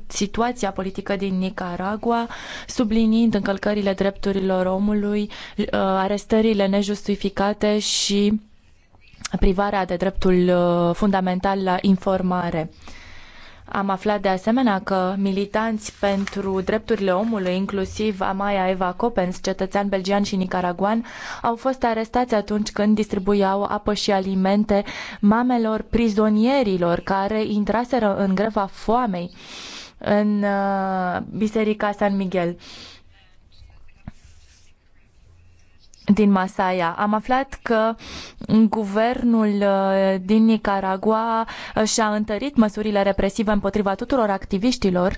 situația politică din Nicaragua, subliniind încălcările drepturilor omului, uh, arestările nejustificate și privarea de dreptul uh, fundamental la informare. Am aflat de asemenea că militanți pentru drepturile omului, inclusiv Amaya Eva Copens, cetățean belgian și nicaraguan, au fost arestați atunci când distribuiau apă și alimente mamelor prizonierilor care intraseră în greva foamei în uh, biserica San Miguel. din Masaya. Am aflat că guvernul uh, din Nicaragua uh, și-a întărit măsurile represive împotriva tuturor activiștilor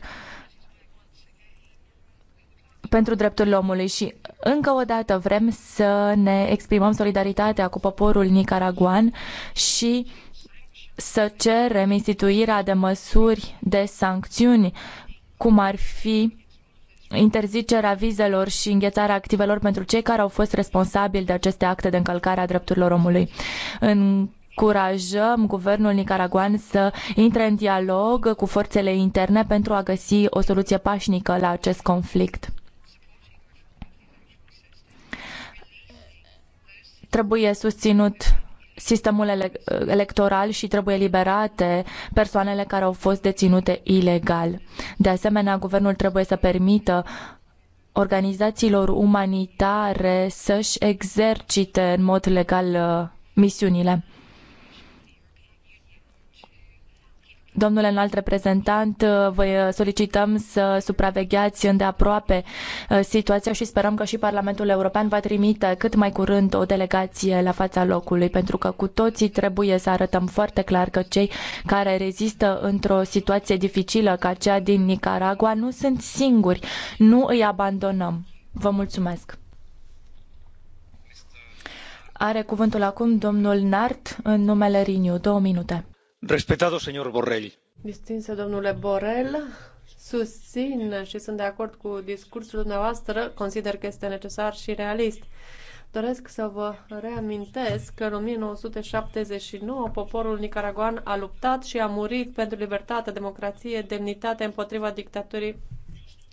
pentru drepturile omului și încă o dată vrem să ne exprimăm solidaritatea cu poporul nicaraguan și să cerem instituirea de măsuri de sancțiuni, cum ar fi interzicerea vizelor și înghețarea activelor pentru cei care au fost responsabili de aceste acte de încălcare a drepturilor omului. În încurajăm guvernul nicaraguan să intre în dialog cu forțele interne pentru a găsi o soluție pașnică la acest conflict. Trebuie susținut sistemul ele electoral și trebuie eliberate persoanele care au fost deținute ilegal. De asemenea, guvernul trebuie să permită organizațiilor umanitare să-și exercite în mod legal uh, misiunile. Domnule înalt reprezentant, uh, vă solicităm să supravegheați îndeaproape uh, situația și sperăm că și Parlamentul European va trimite cât mai curând o delegație la fața locului, pentru că cu toții trebuie să arătăm foarte clar că cei care rezistă într-o situație dificilă ca cea din Nicaragua nu sunt singuri, nu îi abandonăm. Vă mulțumesc! Are cuvântul acum domnul Nart în numele Riniu. Două minute. Respectatul, señor Borrell. Distinse domnule Borrell, susțin și sunt de acord cu discursul dumneavoastră, consider că este necesar și realist. Doresc să vă reamintesc că în 1979 poporul nicaraguan a luptat și a murit pentru libertate, democrație, demnitate împotriva dictaturii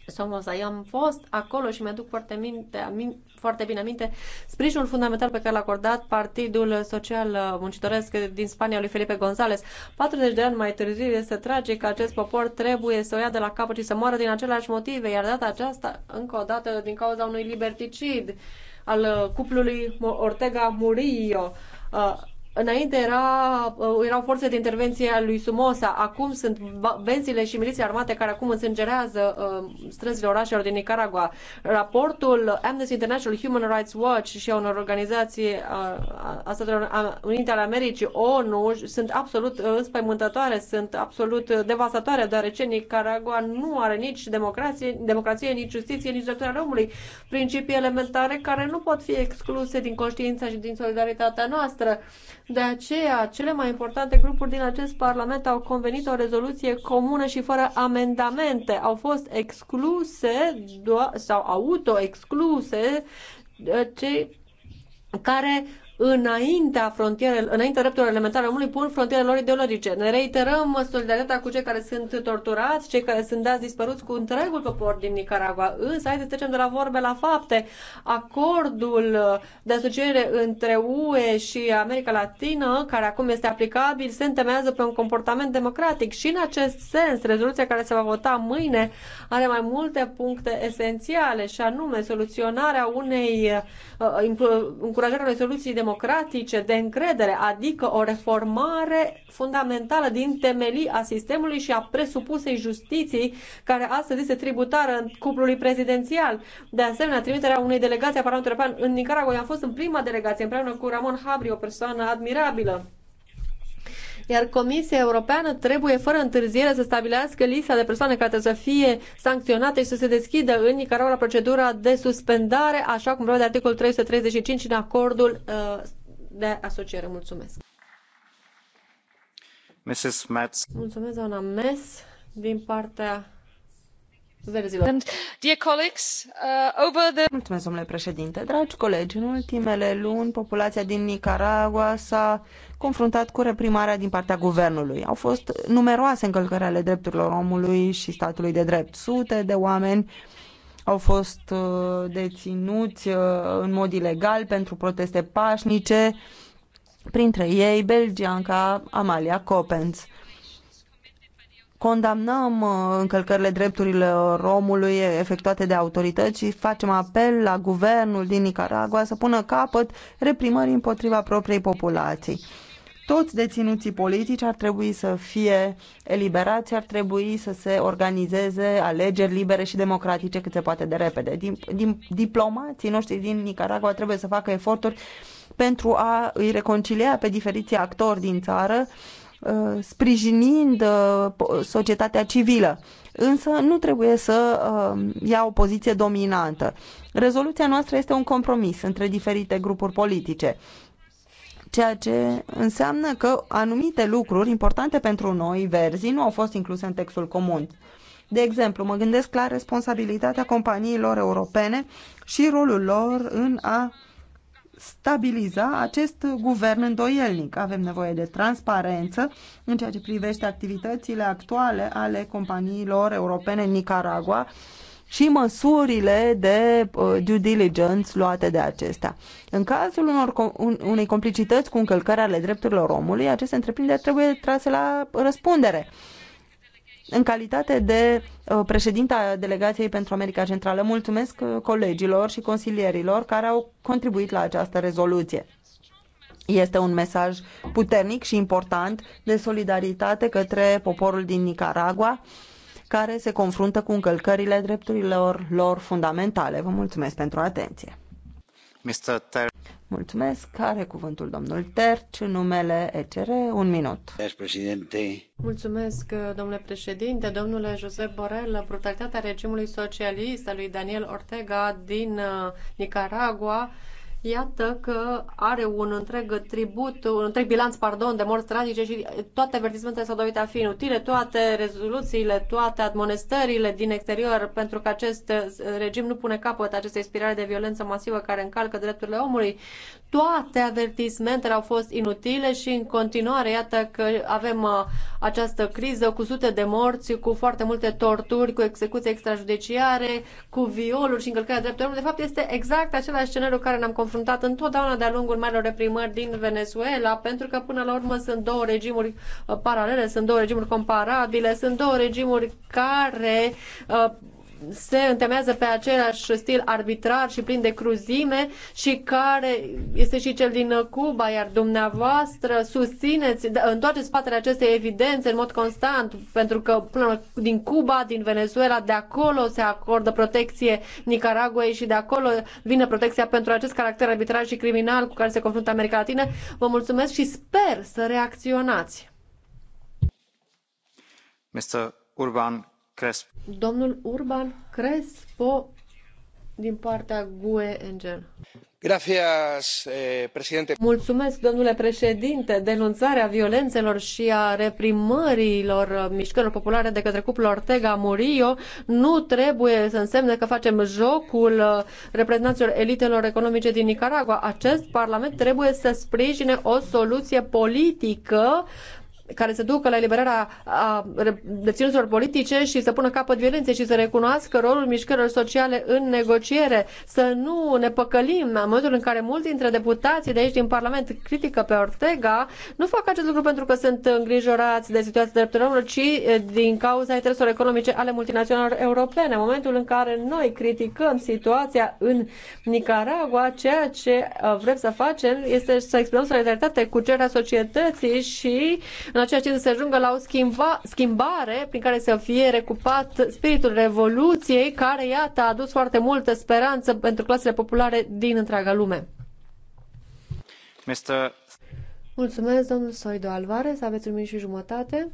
Somoza. Eu am fost acolo și mi-aduc foarte, minte, aminte, foarte bine aminte sprijinul fundamental pe care l-a acordat Partidul Social Muncitoresc din Spania lui Felipe González. 40 de ani mai târziu este tragic că acest popor trebuie să o ia de la capăt și să moară din aceleași motive, iar data aceasta încă o dată din cauza unui liberticid al cuplului Ortega Murillo uh, Înainte era, uh, erau forțe de intervenție a lui Sumosa, acum sunt benzile și miliții armate care acum însângerează uh, străzile orașelor din Nicaragua. Raportul Amnesty International, Human Rights Watch și a unor organizații uh, a Statelor Unite ale Americii, ONU, sunt absolut înspăimântătoare, sunt absolut devastatoare, deoarece Nicaragua nu are nici democrație, democrație nici justiție, nici dreptul ale omului. Principii elementare care nu pot fi excluse din conștiința și din solidaritatea noastră de aceea, cele mai importante grupuri din acest Parlament au convenit o rezoluție comună și fără amendamente. Au fost excluse sau auto-excluse eh, cei care înaintea frontierelor, înaintea drepturilor elementare omului, pun frontierele lor ideologice. Ne reiterăm solidaritatea cu cei care sunt torturați, cei care sunt dați dispăruți cu întregul popor din Nicaragua. Însă, hai să trecem de la vorbe la fapte. Acordul de asociere între UE și America Latină, care acum este aplicabil, se întemeiază pe un comportament democratic și, în acest sens, rezoluția care se va vota mâine are mai multe puncte esențiale, și anume soluționarea unei, uh, uh, încurajarea unei soluții de democratice de încredere, adică o reformare fundamentală din temelii a sistemului și a presupusei justiției, care astăzi este tributară în cuplului prezidențial. De asemenea, trimiterea unei delegații a Parlamentului European în Nicaragua. am fost în prima delegație împreună cu Ramon Habri, o persoană admirabilă iar Comisia Europeană trebuie fără întârziere să stabilească lista de persoane care trebuie să fie sancționate și să se deschidă în Nicaragua procedura de suspendare, așa cum de articolul 335 în acordul uh, de asociere. Mulțumesc. Mrs. Metz. Mulțumesc, doamna Mes, din partea uh, Mulțumesc, domnule președinte dragi colegi în ultimele luni populația din nicaragua s a confruntat cu reprimarea din partea guvernului. Au fost numeroase încălcări ale drepturilor omului și statului de drept. Sute de oameni au fost uh, deținuți uh, în mod ilegal pentru proteste pașnice, printre ei belgianca Amalia Copens. Condamnăm uh, încălcările drepturilor omului efectuate de autorități și facem apel la guvernul din Nicaragua să pună capăt reprimării împotriva propriei populații. Toți deținuții politici ar trebui să fie eliberați, ar trebui să se organizeze alegeri libere și democratice cât se poate de repede. Din, din, diplomații noștri din Nicaragua trebuie să facă eforturi pentru a îi reconcilia pe diferiții actori din țară, uh, sprijinind uh, societatea civilă. Însă nu trebuie să uh, ia o poziție dominantă. Rezoluția noastră este un compromis între diferite grupuri politice ceea ce înseamnă că anumite lucruri importante pentru noi, verzii, nu au fost incluse în textul comun. De exemplu, mă gândesc la responsabilitatea companiilor europene și rolul lor în a stabiliza acest guvern îndoielnic. Avem nevoie de transparență în ceea ce privește activitățile actuale ale companiilor europene în Nicaragua și măsurile de uh, due diligence luate de acesta. În cazul unor, unei complicități cu încălcări ale drepturilor omului, aceste întreprinderi trebuie trase la răspundere. În calitate de uh, președinta Delegației pentru America Centrală, mulțumesc uh, colegilor și consilierilor care au contribuit la această rezoluție. Este un mesaj puternic și important de solidaritate către poporul din Nicaragua, care se confruntă cu încălcările drepturilor lor fundamentale. Vă mulțumesc pentru atenție. Mr. Ter- Mulțumesc. Care cuvântul domnul Terci, numele ECR, un minut. Președinte. Mulțumesc, domnule președinte. Domnule Josep Borel, brutalitatea regimului socialist al lui Daniel Ortega din uh, Nicaragua Iată că are un întreg tribut, un întreg bilanț, pardon, de morți tragice și toate avertismentele s-au dovedit a fi inutile, toate rezoluțiile, toate admonestările din exterior, pentru că acest regim nu pune capăt acestei spirale de violență masivă care încalcă drepturile omului toate avertismentele au fost inutile și în continuare, iată că avem uh, această criză cu sute de morți, cu foarte multe torturi, cu execuții extrajudiciare, cu violuri și încălcarea drepturilor. De fapt, este exact același scenariu care ne-am confruntat întotdeauna de-a lungul marilor reprimări din Venezuela, pentru că până la urmă sunt două regimuri uh, paralele, sunt două regimuri comparabile, sunt două regimuri care uh, se întemeiază pe același stil arbitrar și plin de cruzime și care este și cel din Cuba, iar dumneavoastră susțineți, da, întoarceți spatele acestei evidențe în mod constant, pentru că până din Cuba, din Venezuela, de acolo se acordă protecție Nicaraguei și de acolo vine protecția pentru acest caracter arbitrar și criminal cu care se confruntă America Latină. Vă mulțumesc și sper să reacționați. Mr. Urban Crespo. Domnul Urban Crespo din partea GUE NGL. Gracias, eh, președinte. Mulțumesc, domnule președinte. Denunțarea violențelor și a reprimărilor mișcărilor populare de către cuplul Ortega Murillo nu trebuie să însemne că facem jocul uh, reprezentanților elitelor economice din Nicaragua. Acest parlament trebuie să sprijine o soluție politică care se ducă la eliberarea a deținuților politice și să pună capăt violenței și să recunoască rolul mișcărilor sociale în negociere, să nu ne păcălim în momentul în care mulți dintre deputații de aici din Parlament critică pe Ortega, nu fac acest lucru pentru că sunt îngrijorați de situația drepturilor omului, ci eh, din cauza intereselor economice ale multinaționalelor europene. În momentul în care noi criticăm situația în Nicaragua, ceea ce eh, vrem să facem este să exprimăm solidaritate cu cererea societății și în același timp să se ajungă la o schimba, schimbare prin care să fie recupat spiritul Revoluției, care, iată, a adus foarte multă speranță pentru clasele populare din întreaga lume. Mr. Mulțumesc, domnul Soido Alvarez. Aveți un minut și jumătate.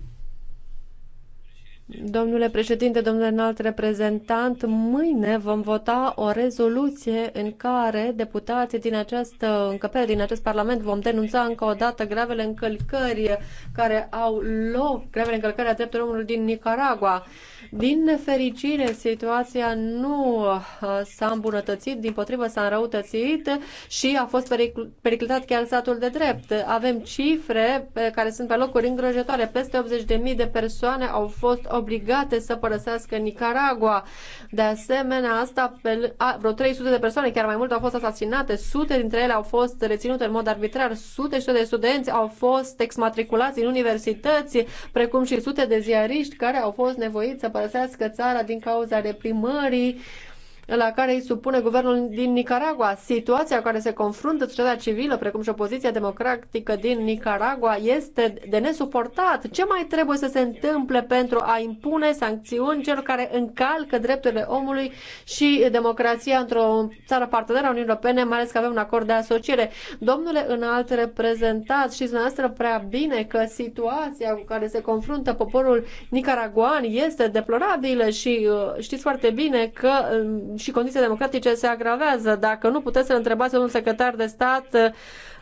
Domnule președinte, domnule înalt reprezentant, mâine vom vota o rezoluție în care deputații din această încăpere, din acest parlament, vom denunța încă o dată gravele încălcări care au loc, gravele încălcări a drepturilor omului din Nicaragua. Din nefericire, situația nu uh, s-a îmbunătățit, din potrivă s-a înrăutățit și a fost periclitat chiar satul de drept. Avem cifre care sunt pe locuri îngrojătoare. Peste 80.000 de persoane au fost obligate să părăsească Nicaragua. De asemenea, asta pe, a, vreo 300 de persoane, chiar mai mult, au fost asasinate, sute dintre ele au fost reținute în mod arbitrar, sute și de studenți au fost exmatriculați în universități, precum și sute de ziariști care au fost nevoiți să părăsească țara din cauza reprimării uh, la care îi supune guvernul din Nicaragua. Situația cu care se confruntă societatea civilă, precum și opoziția democratică din Nicaragua, este de nesuportat. Ce mai trebuie să se întâmple pentru a impune sancțiuni celor care încalcă drepturile omului și democrația într-o țară parteneră a Uniunii Europene, mai ales că avem un acord de asociere? Domnule înalt reprezentat, știți dumneavoastră prea bine că situația cu care se confruntă poporul nicaraguan este deplorabilă și uh, știți foarte bine că um, și condiții democratice se agravează. Dacă nu puteți să întrebați un secretar de stat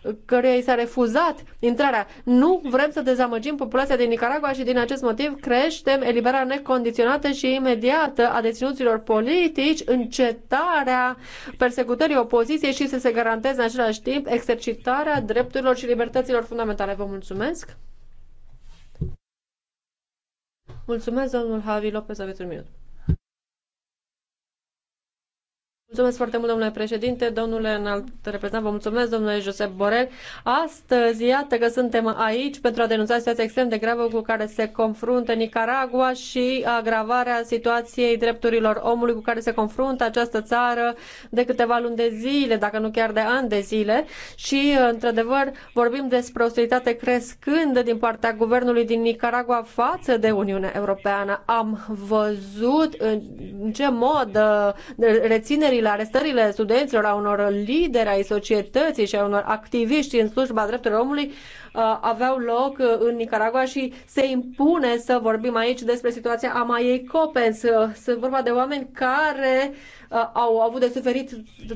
uh, căreia i s-a refuzat intrarea. Nu vrem să dezamăgim populația din Nicaragua și din acest motiv creștem eliberarea necondiționată și imediată a deținuților politici, încetarea persecutării opoziției și să se garanteze în același timp exercitarea drepturilor și libertăților fundamentale. Vă mulțumesc! Mulțumesc, domnul Havi Lopez, aveți un minut. Mulțumesc foarte mult, domnule președinte, domnule înalt reprezentant, vă mulțumesc, domnule Josep Borel. Astăzi, iată că suntem aici pentru a denunța situația extrem de gravă cu care se confruntă Nicaragua și agravarea situației drepturilor omului cu care se confruntă această țară de câteva luni de zile, dacă nu chiar de ani de zile. Și, într-adevăr, vorbim despre o situație crescândă din partea guvernului din Nicaragua față de Uniunea Europeană. Am văzut în ce mod uh, reținerii arestările, arestările studenților, a unor lideri ai societății și a unor activiști în slujba drepturilor omului Uh, aveau loc uh, în Nicaragua și se impune să vorbim aici despre situația a Maiei Copens. Uh, sunt vorba de oameni care au avut de suferit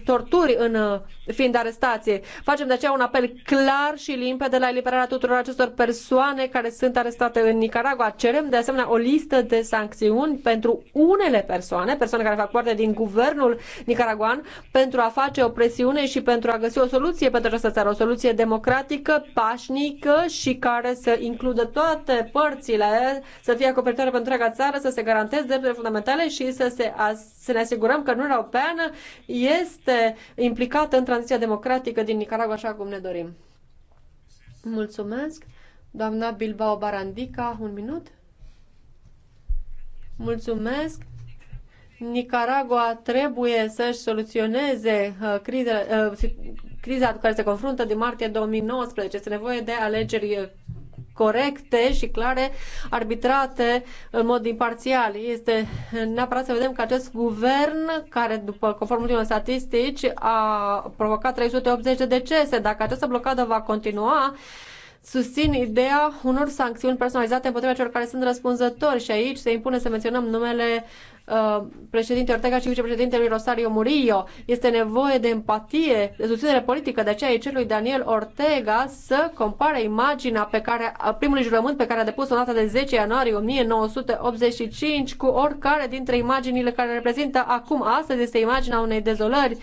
torturi în fiind arestație. Facem de aceea un apel clar și limpede la eliberarea tuturor acestor persoane care sunt arestate în Nicaragua. Cerem de asemenea o listă de sancțiuni pentru unele persoane, persoane care fac parte din guvernul nicaraguan, pentru a face o presiune și pentru a găsi o soluție pentru această țară, o soluție democratică, pașnică, mică și care să includă toate părțile, să fie acoperitoare pentru întreaga țară, să se garanteze drepturile fundamentale și să, se să ne asigurăm că Uniunea Europeană este implicată în tranziția democratică din Nicaragua așa cum ne dorim. Mulțumesc. Doamna Bilbao Barandica, un minut. Mulțumesc. Nicaragua trebuie să-și soluționeze uh, crizele, uh, criza cu care se confruntă din martie 2019. Este nevoie de alegeri corecte și clare, arbitrate în mod imparțial. Este neapărat să vedem că acest guvern, care, după conform ultimelor statistici, a provocat 380 de decese, dacă această blocadă va continua, susțin ideea unor sancțiuni personalizate împotriva celor care sunt răspunzători și aici se impune să menționăm numele președintele uh, președinte Ortega și vicepreședintele Rosario Murillo. Este nevoie de empatie, de susținere politică, de aceea e cer lui Daniel Ortega să compare imaginea pe care, a primului jurământ pe care a depus-o data de 10 ianuarie 1985 cu oricare dintre imaginile care reprezintă acum. Astăzi este imaginea unei dezolări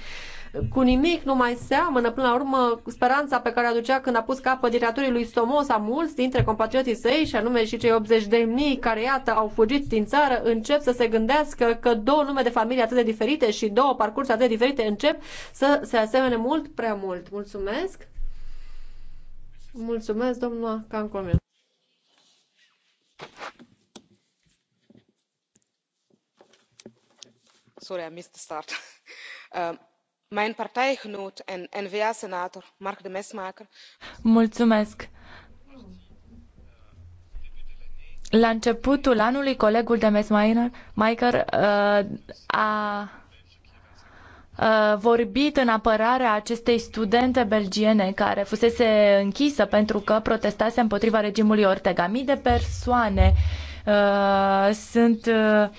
cu nimic nu mai seamănă, până la urmă, speranța pe care o aducea când a pus capăt dictaturii lui a mulți dintre compatrioții săi, și anume și cei 80 de mii care, iată, au fugit din țară, încep să se gândească că două nume de familie atât de diferite și două parcursuri atât de diferite încep să se asemene mult prea mult. Mulțumesc! Mulțumesc, domnul Cancomiu! Sorry, I missed the start. Uh, Mulțumesc. La începutul anului, colegul de Messmaker uh, a uh, vorbit în apărarea acestei studente belgiene care fusese închisă pentru că protestase împotriva regimului Ortega. Mii de persoane uh, sunt uh,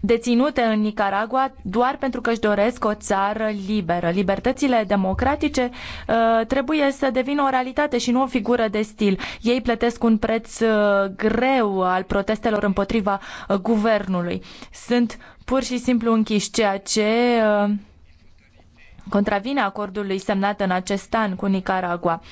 deținute în Nicaragua doar pentru că își doresc o țară liberă. Libertățile democratice uh, trebuie să devină o realitate și nu o figură de stil. Ei plătesc un preț uh, greu al protestelor împotriva uh, guvernului. Sunt pur și simplu închiși, ceea ce uh, contravine acordului semnat în acest an cu Nicaragua. Uh,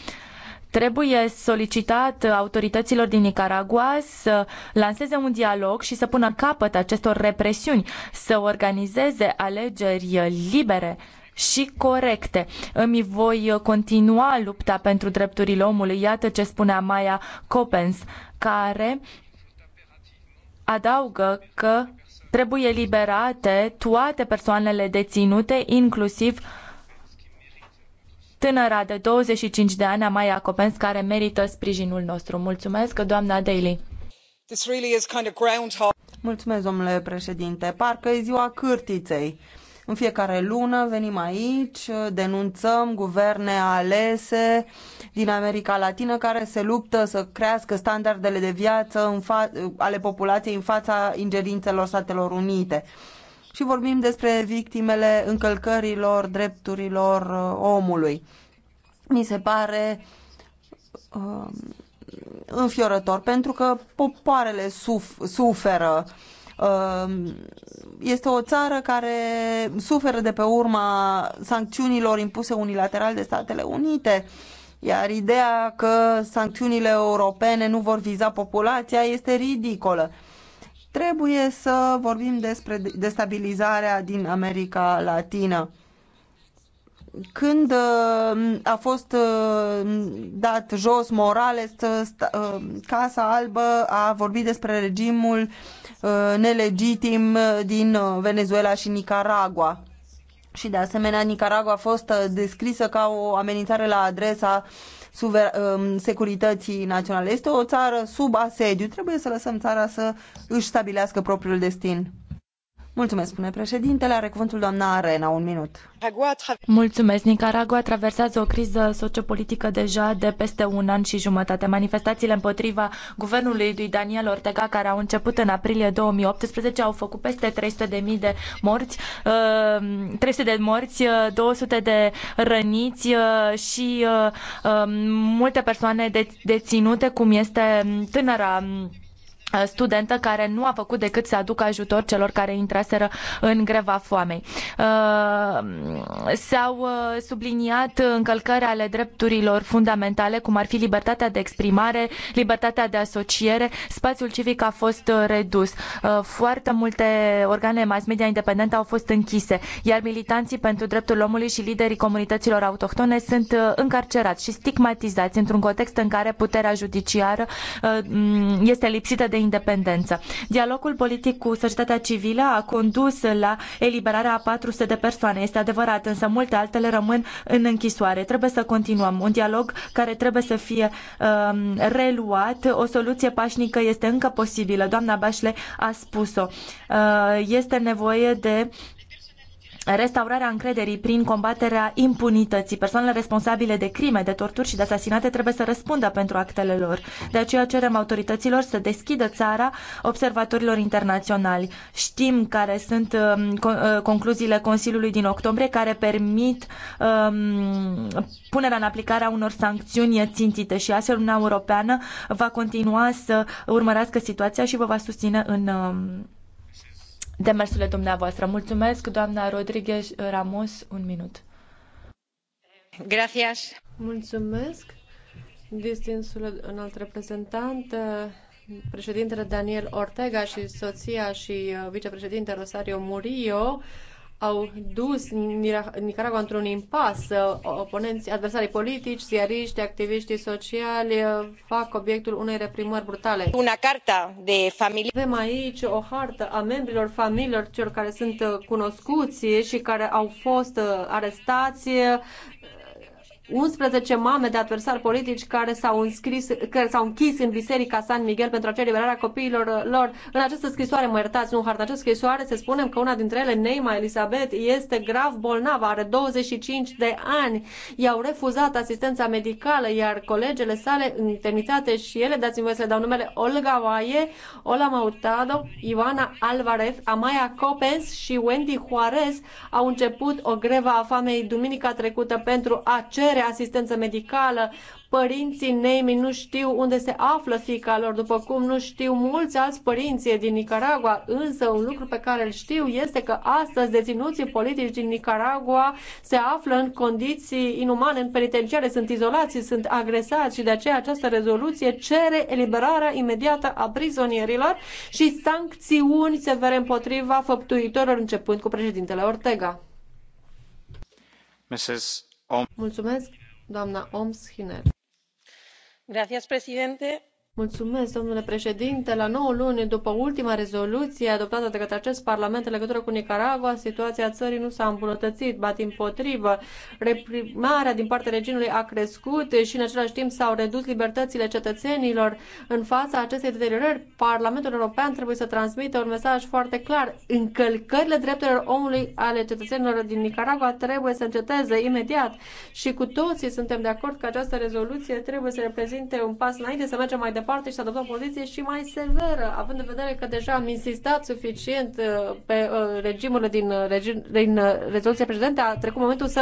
Trebuie solicitat autorităților din Nicaragua să lanseze un dialog și să pună capăt acestor represiuni, să organizeze alegeri libere și corecte. Îmi voi continua lupta pentru drepturile omului. Iată ce spunea Maya Coppens, care adaugă că trebuie liberate toate persoanele deținute, inclusiv tânăra de 25 de ani, Amaya Copens, care merită sprijinul nostru. Mulțumesc, doamna Daly. Mulțumesc, domnule președinte. Parcă e ziua cârtiței. În fiecare lună venim aici, denunțăm guverne alese din America Latină care se luptă să crească standardele de viață ale populației în fața ingerințelor Statelor Unite și vorbim despre victimele încălcărilor drepturilor uh, omului. Mi se pare uh, înfiorător pentru că popoarele suf suferă. Uh, este o țară care suferă de pe urma sancțiunilor impuse unilateral de Statele Unite. Iar ideea că sancțiunile europene nu vor viza populația este ridicolă. Trebuie să vorbim despre destabilizarea din America Latină. Când uh, a fost uh, dat jos Morales, ă, ă, Casa Albă a vorbit despre regimul ă, nelegitim din Venezuela și Nicaragua. Și de asemenea, Nicaragua a fost descrisă ca o amenințare la adresa uh, Um, securității naționale. Este o țară sub asediu. Trebuie să lăsăm țara să își stabilească propriul destin. Mulțumesc, spune președintele. Are cuvântul doamna Arena, un minut. Mulțumesc. Nicaragua traversează o criză sociopolitică deja de peste un an și jumătate. Manifestațiile împotriva guvernului lui Daniel Ortega, care au început în aprilie 2018, au făcut peste 300 de mii de morți, 300 uh, de morți, 200 uh, de răniți uh, și multe persoane deținute, cum este tânăra Uh, studentă care nu a făcut decât să aducă ajutor celor care intraseră în greva foamei. Uh, s-au uh, subliniat încălcări ale drepturilor fundamentale, cum ar fi libertatea de exprimare, libertatea de asociere. Spațiul civic a fost redus. Foarte multe organe mass media independente au fost închise, iar militanții pentru dreptul omului și liderii comunităților autohtone sunt încarcerați și stigmatizați într-un context în care puterea judiciară este lipsită de de independență. Dialogul politic cu societatea civilă a condus la eliberarea a 400 de persoane. Este adevărat, însă multe altele rămân în închisoare. Trebuie să continuăm un dialog care trebuie să fie um, reluat. O soluție pașnică este încă posibilă. Doamna Bașle a spus-o. Uh, este nevoie de restaurarea încrederii prin combaterea impunității. Persoanele responsabile de crime, de torturi și de asasinate trebuie să răspundă pentru actele lor. De aceea cerem autorităților să deschidă țara observatorilor internaționali. Știm care sunt um, uh, concluziile Consiliului din octombrie care permit um, punerea în aplicare a unor sancțiuni țintite și astfel Uniunea Europeană va continua să urmărească situația și vă va susține în um, demersurile dumneavoastră. Mulțumesc, doamna Rodriguez Ramos, un minut. Gracias. Mulțumesc, distinsul înalt reprezentant, președintele Daniel Ortega și soția și uh, vicepreședinte Rosario Murillo au dus Nicaragua într-un impas. Uh, oponenții, adversarii politici, ziariști, activiștii sociali uh, fac obiectul unei reprimări brutale. Una carta de familie. Avem aici o hartă a membrilor familiilor celor care sunt uh, cunoscuți și care au fost arestați, 11 mame de adversari politici care s-au, înscris, care s-au închis în Biserica San Miguel pentru a cere liberarea copiilor lor. În această scrisoare, mă iertați, nu în această scrisoare se spune că una dintre ele, Neima Elisabet, este grav bolnavă, are 25 de ani. I-au refuzat asistența medicală, iar colegele sale, internitate și ele, dați-mi voi să le dau numele, Olga Oaie, Ola Mautado, Ivana Alvarez, Amaya Copes și Wendy Juarez, au început o greva a famei duminica trecută pentru a cere cere asistență medicală. Părinții Neimi nu știu unde se află fica lor, după cum nu știu mulți alți părinți din Nicaragua. Însă un lucru pe care îl știu este că astăzi deținuții politici din Nicaragua se află în condiții inumane, în penitenciare, sunt izolați, sunt agresați și de aceea această rezoluție cere eliberarea imediată a prizonierilor și sancțiuni severe împotriva făptuitorilor, începând cu președintele Ortega. Mrs doamnă președintă Mulțumesc, domnule președinte. La 9 luni după ultima rezoluție adoptată de către acest parlament în legătură cu Nicaragua, situația țării nu s-a îmbunătățit, bat împotrivă. Reprimarea din partea regimului a crescut și în același timp s-au redus libertățile cetățenilor. În fața acestei deteriorări, Parlamentul European trebuie să transmită un mesaj foarte clar. Încălcările drepturilor omului ale cetățenilor din Nicaragua trebuie să înceteze imediat și cu toții suntem de acord că această rezoluție trebuie să reprezinte un pas înainte să mergem mai departe departe și s-a adoptat o poziție și mai severă, având în vedere că deja am insistat suficient uh, pe uh, regimurile din, uh, din rezoluția precedentă, a trecut momentul să